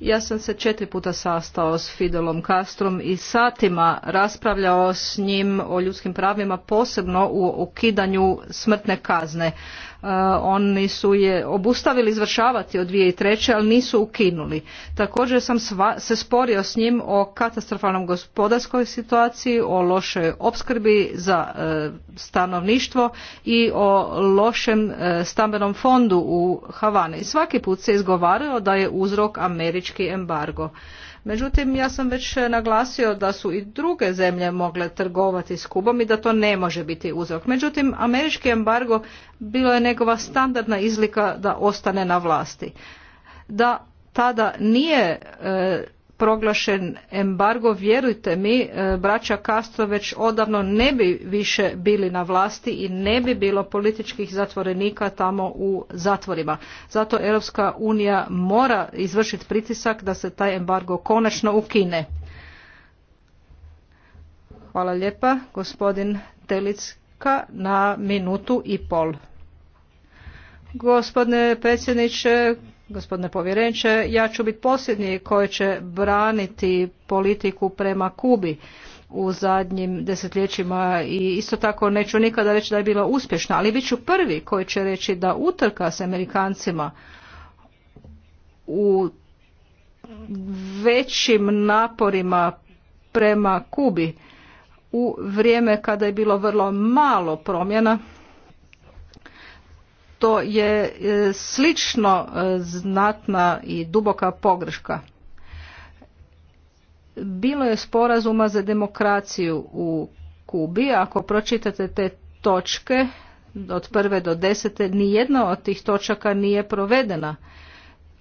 ja sam se četiri puta sastao s Fidelom Castrom i satima raspravljao s njim o ljudskim pravima, posebno u ukidanju smrtne kazne. Eh, oni su je obustavili izvršavati od 2003. ali nisu ukinuli. Također sam se sporio s njim o katastrofalnom gospodarskoj situaciji, o lošoj opskrbi za eh, stanovništvo i o lošem eh, stambenom fondu u Havani. Svaki put se izgovarao da je uzrok američki embargo. Međutim, ja sam već naglasio da su i druge zemlje mogle trgovati s Kubom i da to ne može biti uzrok. Međutim, američki embargo bilo je njegova standardna izlika da ostane na vlasti. Da tada nije e, proglašen embargo, vjerujte mi, e, braća Castro već odavno ne bi više bili na vlasti i ne bi bilo političkih zatvorenika tamo u zatvorima. Zato Europska unija mora izvršiti pritisak da se taj embargo konačno ukine. Hvala lijepa, gospodin Telicka na minutu i pol. Gospodine predsjedniče, gospodine povjerenče. Ja ću biti posljednji koji će braniti politiku prema Kubi u zadnjim desetljećima i isto tako neću nikada reći da je bila uspješna, ali bit ću prvi koji će reći da utrka s Amerikancima u većim naporima prema Kubi u vrijeme kada je bilo vrlo malo promjena to je e, slično e, znatna i duboka pogreška. Bilo je sporazuma za demokraciju u Kubi, ako pročitate te točke od prve do desete, jedna od tih točaka nije provedena,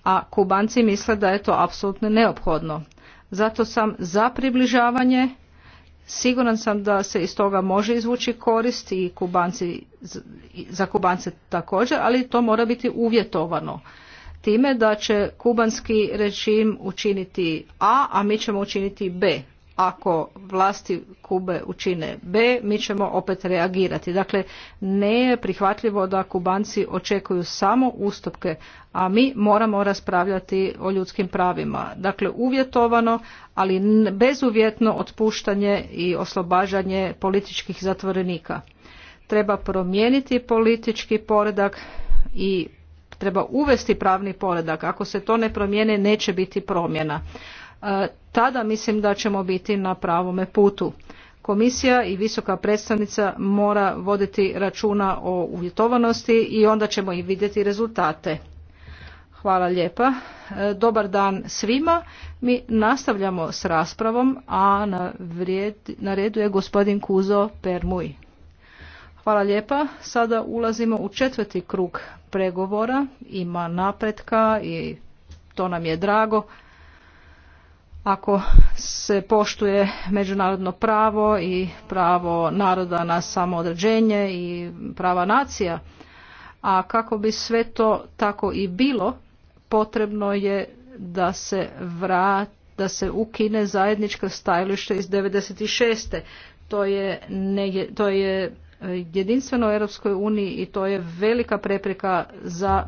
a kubanci misle da je to apsolutno neophodno. Zato sam za približavanje Siguran sam da se iz toga može izvući korist i kubanci, za kubance također, ali to mora biti uvjetovano time da će kubanski režim učiniti A, a mi ćemo učiniti B ako vlasti Kube učine B, mi ćemo opet reagirati. Dakle, ne je prihvatljivo da Kubanci očekuju samo ustupke, a mi moramo raspravljati o ljudskim pravima. Dakle, uvjetovano, ali bezuvjetno otpuštanje i oslobađanje političkih zatvorenika. Treba promijeniti politički poredak i treba uvesti pravni poredak. Ako se to ne promijene, neće biti promjena E, tada mislim da ćemo biti na pravome putu. Komisija i visoka predstavnica mora voditi računa o uvjetovanosti i onda ćemo i vidjeti rezultate. Hvala lijepa. E, dobar dan svima. Mi nastavljamo s raspravom, a na, redu je gospodin Kuzo Permuj. Hvala lijepa. Sada ulazimo u četvrti krug pregovora. Ima napretka i to nam je drago ako se poštuje međunarodno pravo i pravo naroda na samoodređenje i prava nacija. A kako bi sve to tako i bilo, potrebno je da se vrat, da se ukine zajednička stajalište iz 96. To je, ne, to je jedinstveno u Europskoj uniji i to je velika prepreka za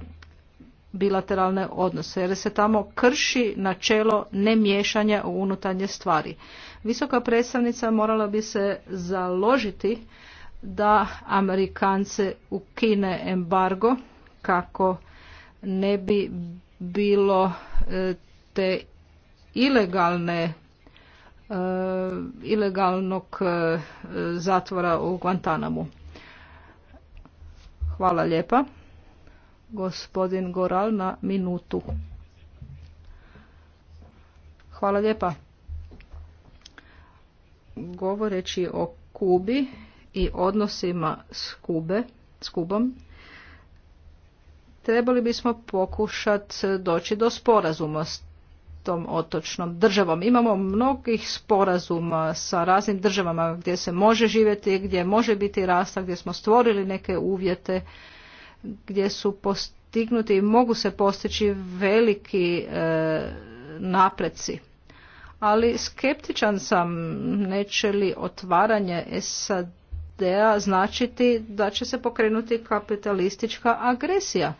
bilateralne odnose jer se tamo krši načelo nemiješanja u unutarnje stvari. Visoka predstavnica morala bi se založiti da Amerikance ukine embargo kako ne bi bilo e, te ilegalne e, ilegalnog e, zatvora u Guantanamu. Hvala lijepa gospodin Goral na minutu. Hvala lijepa. Govoreći o Kubi i odnosima s, Kube, s Kubom, trebali bismo pokušati doći do sporazuma s tom otočnom državom. Imamo mnogih sporazuma sa raznim državama gdje se može živjeti, gdje može biti rasta, gdje smo stvorili neke uvjete gdje su postignuti i mogu se postići veliki e, napreci. Ali skeptičan sam neće li otvaranje SAD-a značiti da će se pokrenuti kapitalistička agresija.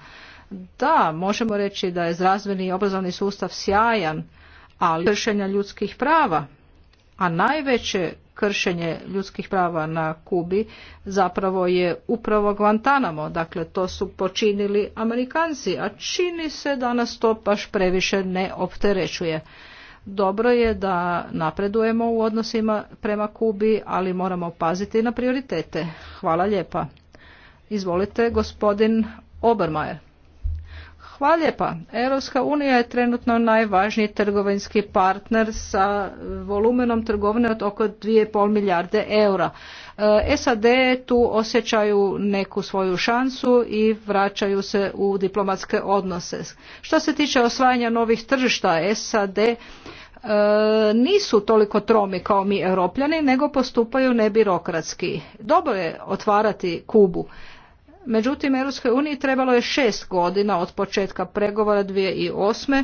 Da, možemo reći da je zdravstveni i obrazovni sustav sjajan, ali kršenja ljudskih prava, a najveće kršenje ljudskih prava na Kubi zapravo je upravo Guantanamo. Dakle, to su počinili Amerikanci, a čini se nas to baš previše ne opterećuje. Dobro je da napredujemo u odnosima prema Kubi, ali moramo paziti na prioritete. Hvala lijepa. Izvolite, gospodin Obermajer. Hvala lijepa. Europska unija je trenutno najvažniji trgovinski partner sa volumenom trgovine od oko 2,5 milijarde eura. E, SAD tu osjećaju neku svoju šansu i vraćaju se u diplomatske odnose. Što se tiče osvajanja novih tržišta, SAD e, nisu toliko tromi kao mi europljani, nego postupaju nebirokratski. Dobro je otvarati Kubu. Međutim, Europskoj uniji trebalo je šest godina od početka pregovora osam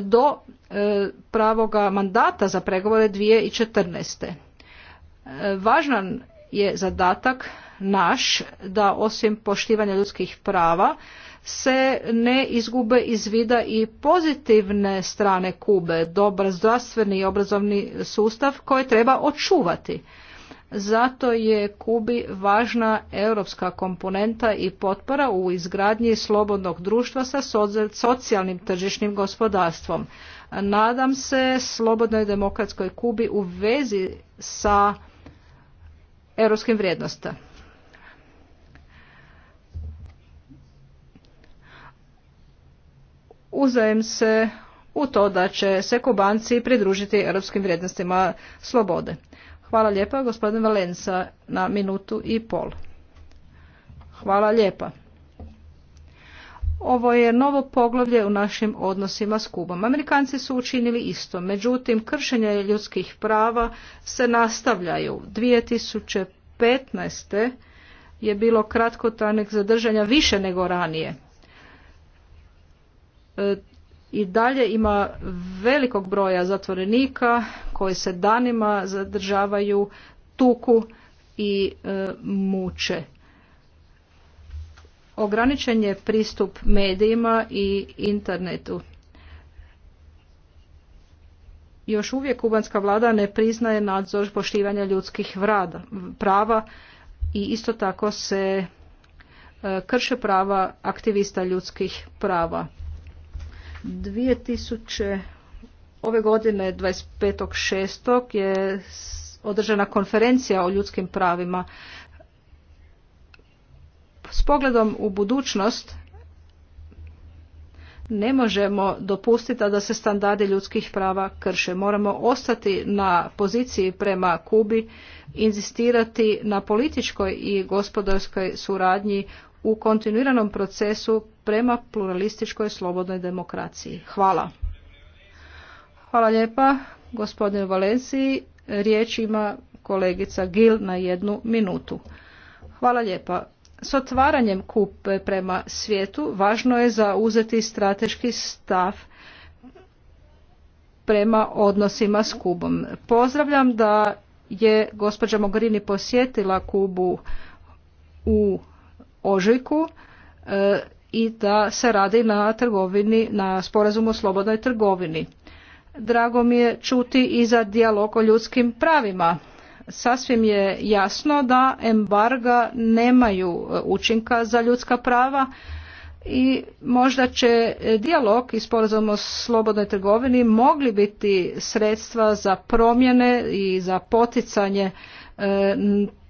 do e, pravoga mandata za pregovore četrnaest e, Važan je zadatak naš da osim poštivanja ljudskih prava se ne izgube iz vida i pozitivne strane Kube, dobar zdravstveni i obrazovni sustav koje treba očuvati. Zato je Kubi važna europska komponenta i potpora u izgradnji slobodnog društva sa socijalnim tržišnim gospodarstvom. Nadam se slobodnoj demokratskoj Kubi u vezi sa europskim vrijednostima. Uzajem se u to da će se Kubanci pridružiti europskim vrijednostima slobode. Hvala lijepa, gospodin Valensa, na minutu i pol. Hvala lijepa. Ovo je novo poglavlje u našim odnosima s Kubom. Amerikanci su učinili isto, međutim kršenje ljudskih prava se nastavljaju. 2015. je bilo kratkotanek zadržanja više nego ranije. E, i dalje ima velikog broja zatvorenika koji se danima zadržavaju, tuku i e, muče. Ograničen je pristup medijima i internetu. Još uvijek kubanska vlada ne priznaje nadzor poštivanja ljudskih vrada, prava i isto tako se e, krše prava aktivista ljudskih prava. 2000 ove godine 25.6. je održana konferencija o ljudskim pravima. S pogledom u budućnost ne možemo dopustiti da se standardi ljudskih prava krše. Moramo ostati na poziciji prema Kubi, inzistirati na političkoj i gospodarskoj suradnji u kontinuiranom procesu prema pluralističkoj slobodnoj demokraciji. Hvala. Hvala lijepa gospodine Valenci. Riječ ima kolegica Gil na jednu minutu. Hvala lijepa. S otvaranjem kupe prema svijetu važno je zauzeti strateški stav prema odnosima s Kubom. Pozdravljam da je gospođa Mogrini posjetila Kubu u ožujku e, i da se radi na trgovini, na sporazumu o slobodnoj trgovini. Drago mi je čuti i za dijalog o ljudskim pravima. Sasvim je jasno da embarga nemaju e, učinka za ljudska prava i možda će dijalog i sporazum o slobodnoj trgovini mogli biti sredstva za promjene i za poticanje e,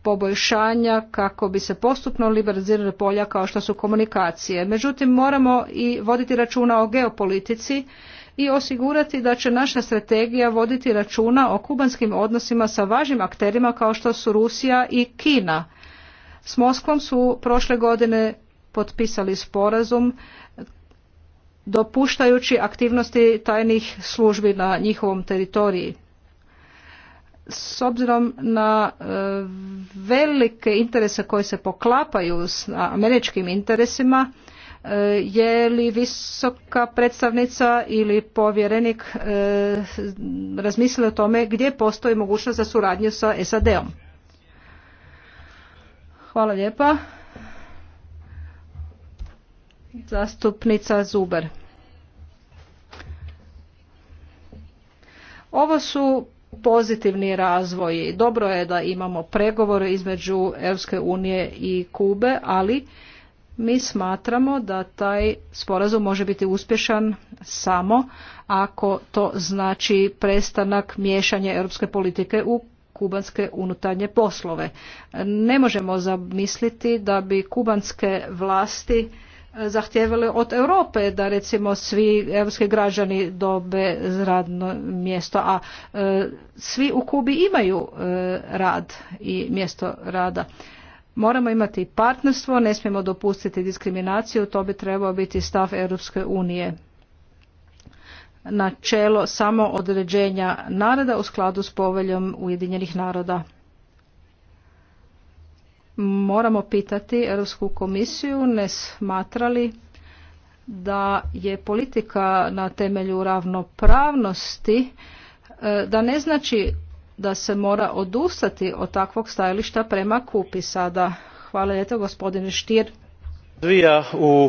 poboljšanja kako bi se postupno liberalizirale polja kao što su komunikacije. Međutim, moramo i voditi računa o geopolitici i osigurati da će naša strategija voditi računa o kubanskim odnosima sa važnim akterima kao što su Rusija i Kina. S Moskvom su prošle godine potpisali sporazum dopuštajući aktivnosti tajnih službi na njihovom teritoriji s obzirom na e, velike interese koji se poklapaju s američkim interesima, e, je li visoka predstavnica ili povjerenik e, razmislio o tome gdje postoji mogućnost za suradnju sa SAD-om? Hvala lijepa. Zastupnica Zuber. Ovo su pozitivni razvoj. Dobro je da imamo pregovore između Europske unije i Kube, ali mi smatramo da taj sporazum može biti uspješan samo ako to znači prestanak miješanja europske politike u kubanske unutarnje poslove. Ne možemo zamisliti da bi kubanske vlasti zahtijevali od Europe da recimo svi europski građani dobe radno mjesto, a e, svi u Kubi imaju e, rad i mjesto rada. Moramo imati partnerstvo, ne smijemo dopustiti diskriminaciju, to bi trebao biti stav Europske unije. Načelo samo određenja naroda u skladu s poveljom Ujedinjenih naroda moramo pitati Europsku komisiju ne smatrali da je politika na temelju ravnopravnosti e, da ne znači da se mora odustati od takvog stajališta prema kupi sada. Hvala lijepo gospodine Štir. u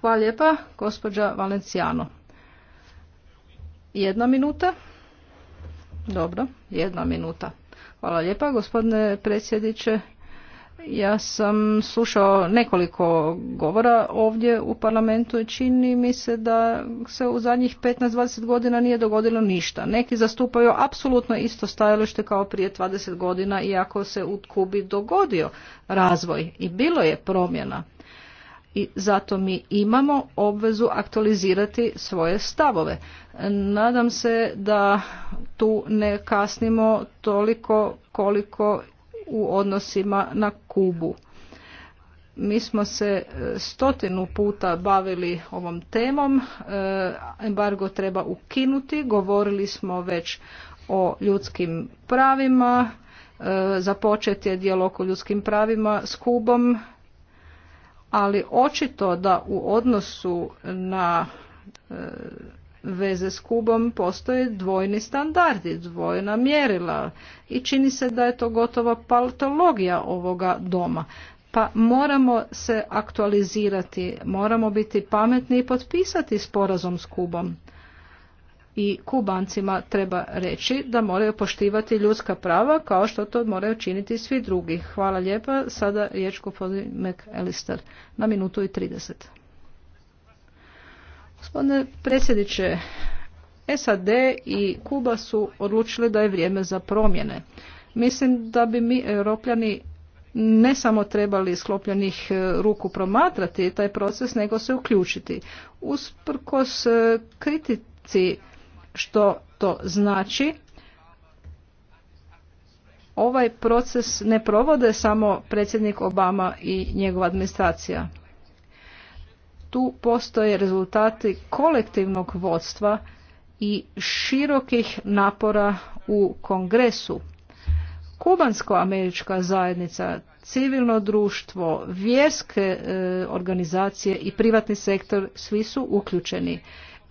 Hvala lijepa, gospođa Valenciano. Jedna minuta. Dobro, jedna minuta. Hvala lijepa, gospodine predsjedniče. Ja sam slušao nekoliko govora ovdje u parlamentu i čini mi se da se u zadnjih 15-20 godina nije dogodilo ništa. Neki zastupaju apsolutno isto stajalište kao prije 20 godina iako se u Kubi dogodio razvoj i bilo je promjena i zato mi imamo obvezu aktualizirati svoje stavove. Nadam se da tu ne kasnimo toliko koliko u odnosima na Kubu. Mi smo se e, stotinu puta bavili ovom temom, e, embargo treba ukinuti, govorili smo već o ljudskim pravima, e, započet je dijalog o ljudskim pravima s Kubom, ali očito da u odnosu na e, veze s Kubom postoje dvojni standardi, dvojna mjerila i čini se da je to gotova patologija ovoga doma. Pa moramo se aktualizirati, moramo biti pametni i potpisati sporazum s Kubom i Kubancima treba reći da moraju poštivati ljudska prava kao što to moraju činiti svi drugi. Hvala lijepa. Sada riječ gospodin McAllister na minutu i 30. Gospodine predsjedniče, SAD i Kuba su odlučili da je vrijeme za promjene. Mislim da bi mi europljani ne samo trebali sklopljenih e, ruku promatrati taj proces, nego se uključiti. Usprkos e, kritici što to znači. Ovaj proces ne provode samo predsjednik Obama i njegova administracija. Tu postoje rezultati kolektivnog vodstva i širokih napora u Kongresu. Kubansko-američka zajednica, civilno društvo, vjerske e, organizacije i privatni sektor svi su uključeni.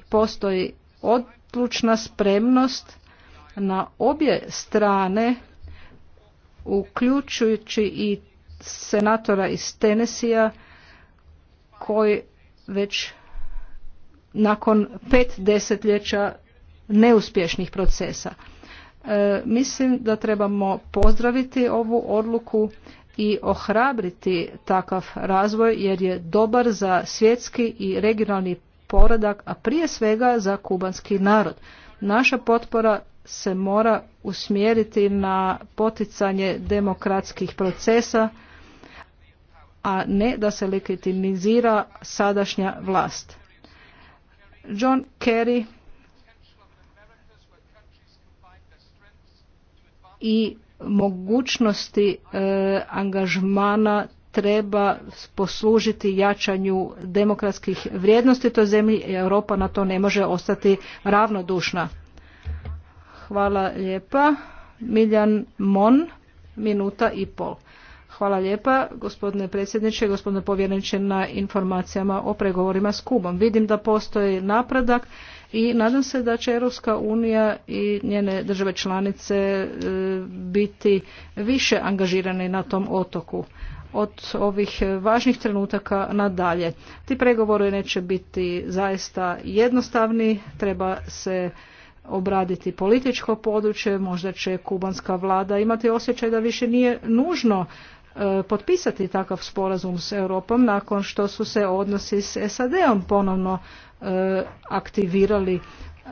Postoji od stručna spremnost na obje strane uključujući i senatora iz Tenesija koji već nakon pet desetljeća neuspješnih procesa. E, mislim da trebamo pozdraviti ovu odluku i ohrabriti takav razvoj jer je dobar za svjetski i regionalni poredak, a prije svega za kubanski narod. Naša potpora se mora usmjeriti na poticanje demokratskih procesa, a ne da se legitimizira sadašnja vlast. John Kerry i mogućnosti e, angažmana treba poslužiti jačanju demokratskih vrijednosti toj zemlji i Europa na to ne može ostati ravnodušna. Hvala lijepa. Miljan Mon, minuta i pol. Hvala lijepa gospodine predsjedniče, gospodine povjereniče na informacijama o pregovorima s Kubom. Vidim da postoji napredak i nadam se da će Europska unija i njene države članice e, biti više angažirane na tom otoku od ovih važnih trenutaka nadalje. Ti pregovori neće biti zaista jednostavni, treba se obraditi političko područje, možda će kubanska vlada imati osjećaj da više nije nužno e, potpisati takav sporazum s Europom nakon što su se odnosi s SAD-om ponovno e, aktivirali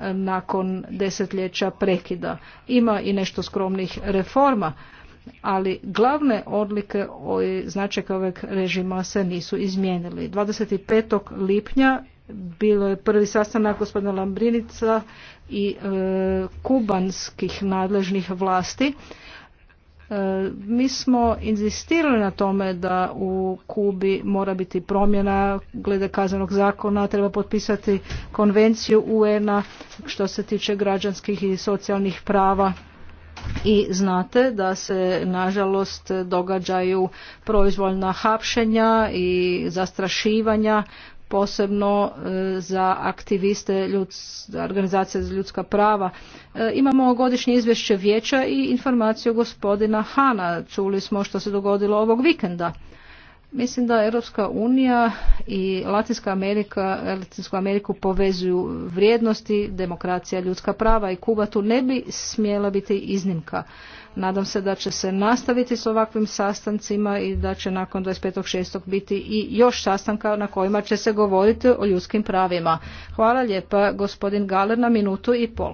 e, nakon desetljeća prekida. Ima i nešto skromnih reforma ali glavne odlike značajka ovog režima se nisu izmijenili. 25. lipnja bilo je prvi sastanak gospodina Lambrinica i e, kubanskih nadležnih vlasti. E, mi smo inzistirali na tome da u Kubi mora biti promjena glede kaznenog zakona, treba potpisati konvenciju UN-a što se tiče građanskih i socijalnih prava i znate da se nažalost događaju proizvoljna hapšenja i zastrašivanja posebno e, za aktiviste organizacije za ljudska prava. E, imamo godišnje izvješće vijeća i informaciju gospodina Hana. Čuli smo što se dogodilo ovog vikenda. Mislim da Europska unija i Latinska Amerika, Latinsku Ameriku povezuju vrijednosti, demokracija, ljudska prava i Kuba tu ne bi smjela biti iznimka. Nadam se da će se nastaviti s ovakvim sastancima i da će nakon 25.6. biti i još sastanka na kojima će se govoriti o ljudskim pravima. Hvala lijepa gospodin Galer na minutu i pol.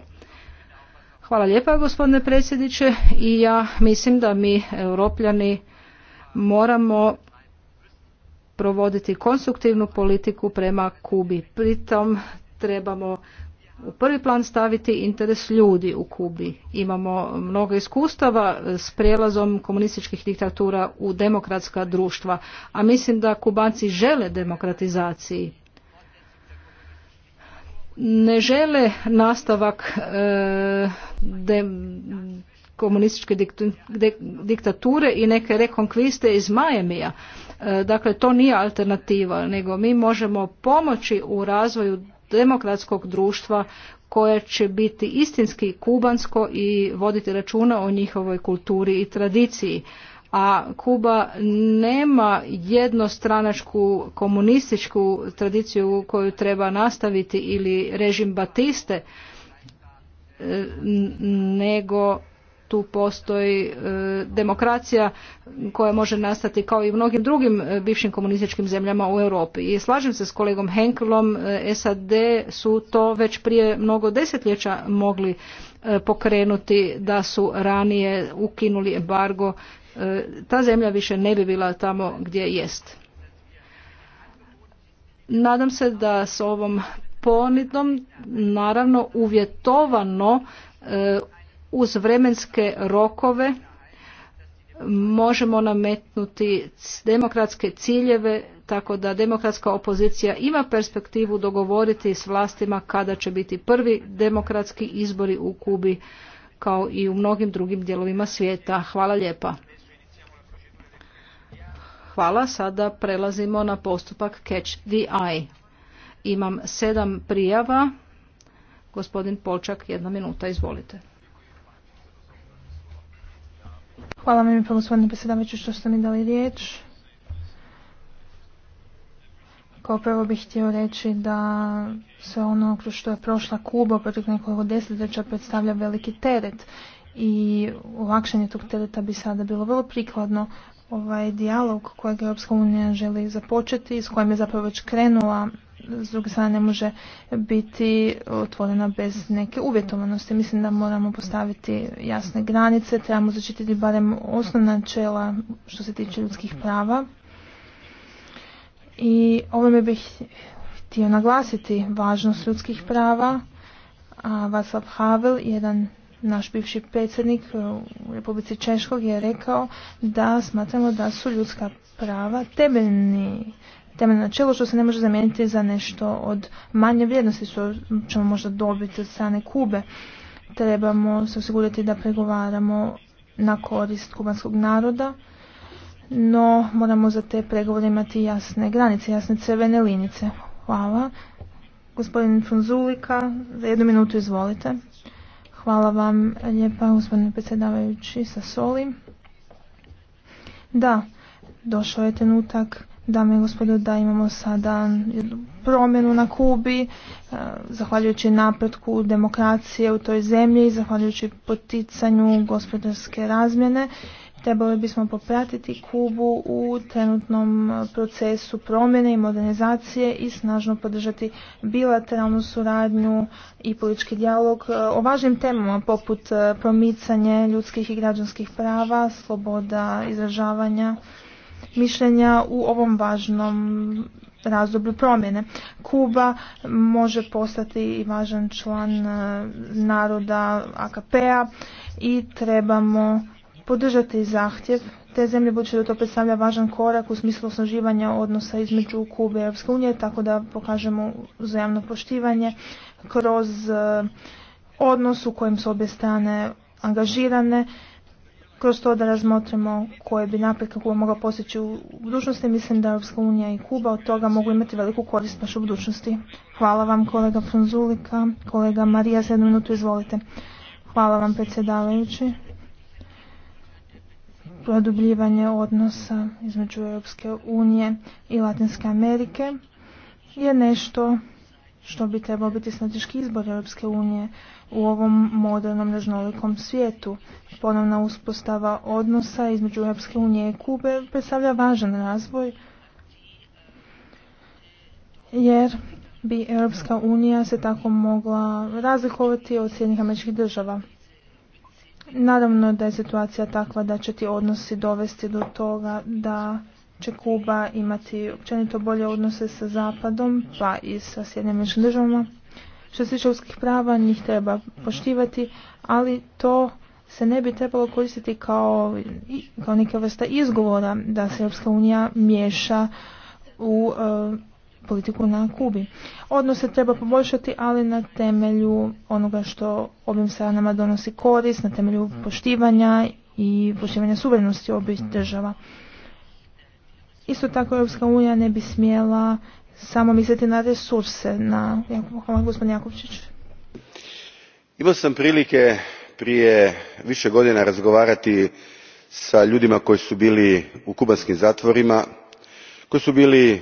Hvala lijepa gospodine predsjedniče i ja mislim da mi europljani moramo provoditi konstruktivnu politiku prema Kubi. Pritom trebamo u prvi plan staviti interes ljudi u Kubi. Imamo mnogo iskustava s prijelazom komunističkih diktatura u demokratska društva, a mislim da Kubanci žele demokratizaciji. Ne žele nastavak e, komunističke diktature i neke rekonkviste iz Majemija. E, dakle, to nije alternativa, nego mi možemo pomoći u razvoju demokratskog društva koje će biti istinski kubansko i voditi računa o njihovoj kulturi i tradiciji. A Kuba nema jednostranačku komunističku tradiciju koju treba nastaviti ili režim Batiste, e, nego tu postoji e, demokracija koja može nastati kao i u mnogim drugim e, bivšim komunističkim zemljama u Europi. I slažem se s kolegom Henkelom, e, SAD su to već prije mnogo desetljeća mogli pokrenuti da su ranije ukinuli embargo. Ta zemlja više ne bi bila tamo gdje jest. Nadam se da s ovom ponudom, naravno uvjetovano uz vremenske rokove možemo nametnuti demokratske ciljeve tako da demokratska opozicija ima perspektivu dogovoriti s vlastima kada će biti prvi demokratski izbori u Kubi kao i u mnogim drugim dijelovima svijeta. Hvala lijepa. Hvala, sada prelazimo na postupak Catch the Eye. Imam sedam prijava. Gospodin Polčak, jedna minuta, izvolite. Hvala vam lijepo gospodine predsjedavajući što ste mi dali riječ. Kao prvo bih htio reći da sve ono kroz što je prošla Kuba protiv nekoliko desetljeća predstavlja veliki teret i olakšanje tog tereta bi sada bilo vrlo prikladno ovaj dijalog kojeg Europska unija želi započeti s kojim je zapravo već krenula s druge strane ne može biti otvorena bez neke uvjetovanosti. Mislim da moramo postaviti jasne granice, trebamo začititi barem osnovna načela što se tiče ljudskih prava. I ovime bih htio naglasiti važnost ljudskih prava. A Václav Havel, jedan naš bivši predsjednik e, u Republici Češkog je rekao da smatramo da su ljudska prava temeljni temeljno načelo što se ne može zamijeniti za nešto od manje vrijednosti što ćemo možda dobiti od strane Kube. Trebamo se osigurati da pregovaramo na korist kubanskog naroda, no moramo za te pregovore imati jasne granice, jasne crvene linice. Hvala. Gospodin Funzulika, za jednu minutu izvolite. Hvala vam lijepa gospodine predsjedavajući sa soli. Da, došao je trenutak Dame i gospodo, da imamo sada promjenu na Kubi, e, zahvaljujući napretku demokracije u toj zemlji, zahvaljujući poticanju gospodarske razmjene Trebali bismo popratiti Kubu u trenutnom procesu promjene i modernizacije i snažno podržati bilateralnu suradnju i politički dijalog e, o važnim temama poput e, promicanje ljudskih i građanskih prava, sloboda izražavanja mišljenja u ovom važnom razdoblju promjene. Kuba može postati i važan član e, naroda AKP-a i trebamo podržati zahtjev te zemlje, budući da to predstavlja važan korak u smislu osnaživanja odnosa između Kube i Europske unije, tako da pokažemo uzajamno poštivanje kroz eh, odnos u kojem su obje strane angažirane, kroz to da razmotrimo koje bi naprijed Kuba mogao postići u budućnosti. Mislim da Europska unija i Kuba od toga mogu imati veliku korist baš u budućnosti. Hvala vam kolega Franzulika, kolega Marija, za jednu minutu izvolite. Hvala vam predsjedavajući produbljivanje odnosa između Europske unije i Latinske Amerike je nešto što bi trebao biti strateški izbor Europske unije u ovom modernom raznolikom svijetu. Ponovna uspostava odnosa između Europske unije i Kube predstavlja važan razvoj jer bi Europska unija se tako mogla razlikovati od Sjedinih američkih država. Naravno da je situacija takva da će ti odnosi dovesti do toga da će Kuba imati općenito bolje odnose sa Zapadom pa i sa Sjedinjenim državama. Što se tiče ljudskih prava, njih treba poštivati, ali to se ne bi trebalo koristiti kao, kao neka vrsta izgovora da se Europska unija miješa u e, politiku na Kubi. Odnose treba poboljšati, ali na temelju onoga što ovim stranama donosi korist, na temelju mm. poštivanja i poštivanja suverenosti obih mm. država. Isto tako Europska unija ne bi smjela samo misliti na resurse. Na... Hvala gospodin Jakovčić. Imao sam prilike prije više godina razgovarati sa ljudima koji su bili u kubanskim zatvorima koji su bili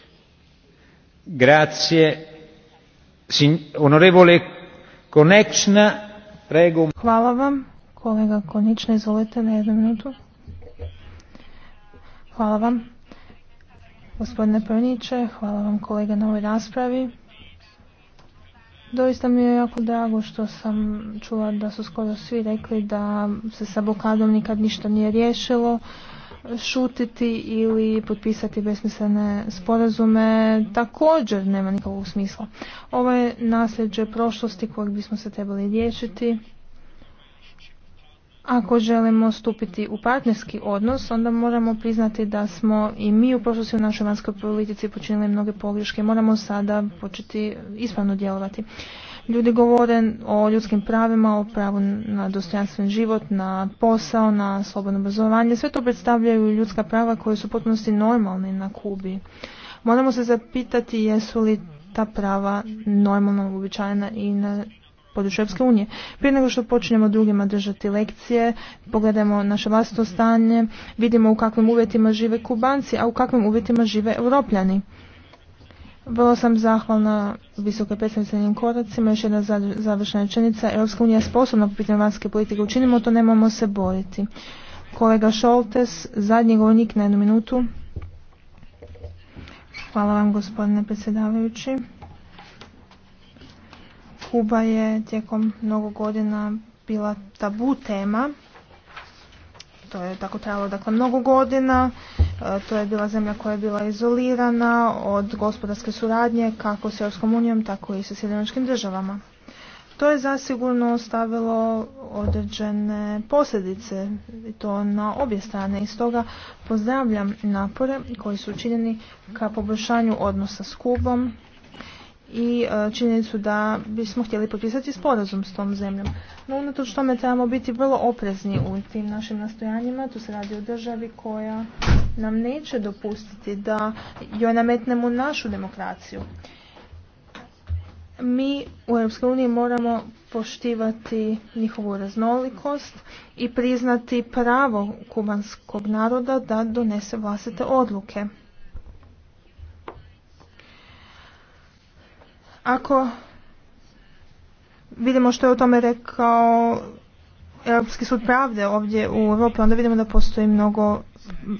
Hvala vam. Kolega Konečna, izvolite na jednu minutu. Hvala vam. Gospodine Prvniče, hvala vam kolega na ovoj raspravi. Doista mi je jako drago što sam čula da su skoro svi rekli da se sa blokadom nikad ništa nije riješilo šutiti ili potpisati besmislene sporazume također nema nikakvog smisla. Ovo je nasljeđe prošlosti kojeg bismo se trebali riješiti. Ako želimo stupiti u partnerski odnos, onda moramo priznati da smo i mi u prošlosti u našoj vanjskoj politici počinili mnoge pogreške. Moramo sada početi ispravno djelovati. Ljudi govore o ljudskim pravima, o pravu na dostojanstven život, na posao, na slobodno obrazovanje. Sve to predstavljaju ljudska prava koje su potpunosti normalni na Kubi. Moramo se zapitati jesu li ta prava normalno uobičajena i na području unije. Prije nego što počinjemo drugima držati lekcije, pogledajmo naše vlastito stanje, vidimo u kakvim uvjetima žive Kubanci, a u kakvim uvjetima žive Europljani. Vrlo sam zahvalna visokoj predstavnici koracima. Još jedna završna rečenica. Europska unija je sposobna po pitanju vanjske politike. Učinimo to, nemamo se boriti. Kolega Šoltes, zadnji govornik na jednu minutu. Hvala vam gospodine predsjedavajući. Kuba je tijekom mnogo godina bila tabu tema. To je tako trajalo dakle mnogo godina. E, to je bila zemlja koja je bila izolirana od gospodarske suradnje kako s Europskom unijom, tako i sa sjedinačkim državama. To je zasigurno ostavilo određene posljedice i to na obje strane. I stoga pozdravljam napore koji su učinjeni ka poboljšanju odnosa s Kubom, i e, činjenicu da bismo htjeli potpisati sporazum s tom zemljom. No unatoč tome trebamo biti vrlo oprezni u tim našim nastojanjima. Tu se radi o državi koja nam neće dopustiti da joj nametnemo našu demokraciju. Mi u EU moramo poštivati njihovu raznolikost i priznati pravo kubanskog naroda da donese vlastite odluke. Ako vidimo što je o tome rekao Europski sud pravde ovdje u Europi, onda vidimo da postoji mnogo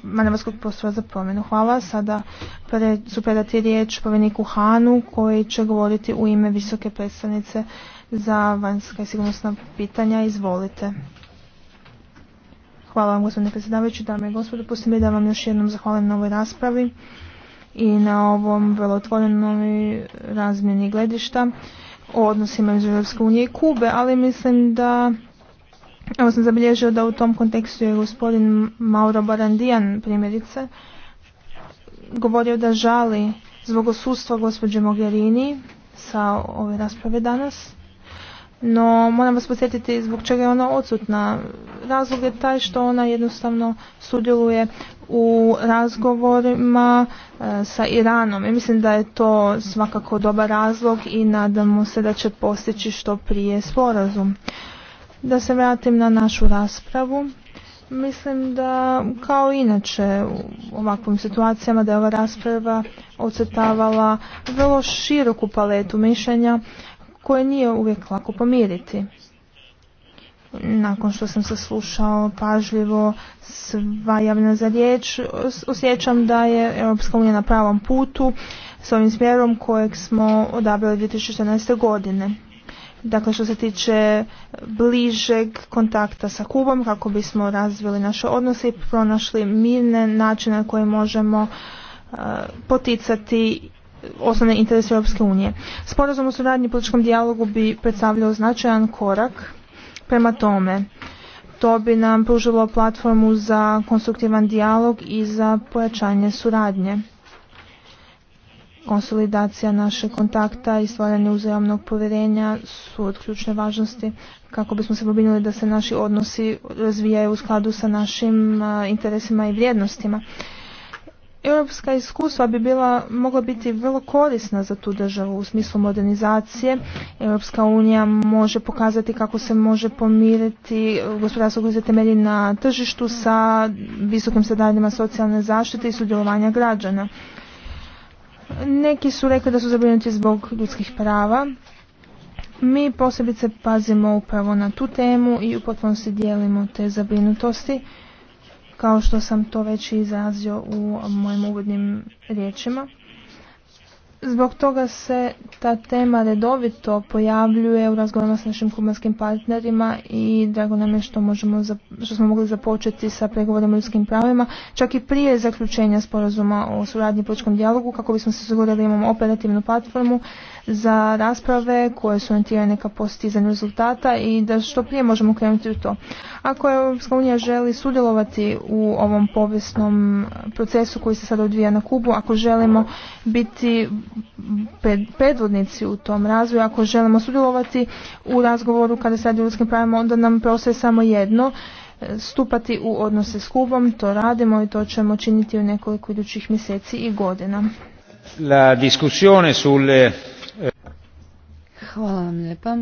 manevarskog prostora za promjenu. Hvala. Sada su predati riječ poveniku Hanu koji će govoriti u ime visoke predstavnice za vanjska i sigurnosna pitanja. Izvolite. Hvala vam gospodine predsjedavajući, dame i gospodo. Pustim da vam još jednom zahvalim na ovoj raspravi i na ovom vrlo razmjeni gledišta o odnosima između Europske unije i Kube, ali mislim da Evo sam zabilježio da u tom kontekstu je gospodin Mauro Barandijan primjerice govorio da žali zbog osustva gospođe Mogherini sa ove rasprave danas no, moram vas posjetiti zbog čega je ona odsutna. Razlog je taj što ona jednostavno sudjeluje u razgovorima e, sa Iranom. I mislim da je to svakako dobar razlog i nadamo se da će postići što prije sporazum. Da se vratim na našu raspravu. Mislim da kao inače u ovakvim situacijama da je ova rasprava ocrtavala vrlo široku paletu mišljenja koje nije uvijek lako pomiriti. Nakon što sam saslušao pažljivo sva javna za riječ, osjećam da je Europska unija na pravom putu s ovim smjerom kojeg smo odabrali 2014. godine. Dakle, što se tiče bližeg kontakta sa Kubom, kako bismo razvili naše odnose i pronašli mirne načine na koje možemo eh, poticati osnovne interese Europske unije. Sporazum o suradnji i političkom dijalogu bi predstavljao značajan korak prema tome. To bi nam pružilo platformu za konstruktivan dijalog i za pojačanje suradnje. Konsolidacija našeg kontakta i stvaranje uzajamnog povjerenja su od ključne važnosti kako bismo se pobinili da se naši odnosi razvijaju u skladu sa našim interesima i vrijednostima europska iskustva bi bila, mogla biti vrlo korisna za tu državu u smislu modernizacije. Europska unija može pokazati kako se može pomiriti gospodarstvo koje se temelji na tržištu sa visokim standardima socijalne zaštite i sudjelovanja građana. Neki su rekli da su zabrinuti zbog ljudskih prava. Mi posebice pazimo upravo na tu temu i u potpunosti dijelimo te zabrinutosti kao što sam to već izrazio u mojim uvodnim riječima. Zbog toga se ta tema redovito pojavljuje u razgovorima s našim kubanskim partnerima i drago nam je što, možemo, što smo mogli započeti sa pregovorima o ljudskim pravima, čak i prije zaključenja sporazuma o suradnji i političkom dijalogu, kako bismo se sigurili imamo operativnu platformu za rasprave koje su orientirane ka postizanju rezultata i da što prije možemo krenuti u to. Ako Europska unija želi sudjelovati u ovom povijesnom procesu koji se sada odvija na Kubu, ako želimo biti predvodnici u tom razvoju, ako želimo sudjelovati u razgovoru kada se radi o ljudskim pravima, onda nam preostaje samo jedno, e, stupati u odnose s Kubom, to radimo i to ćemo činiti u nekoliko idućih mjeseci i godina. La discussione sulle Hvala vam lijepa.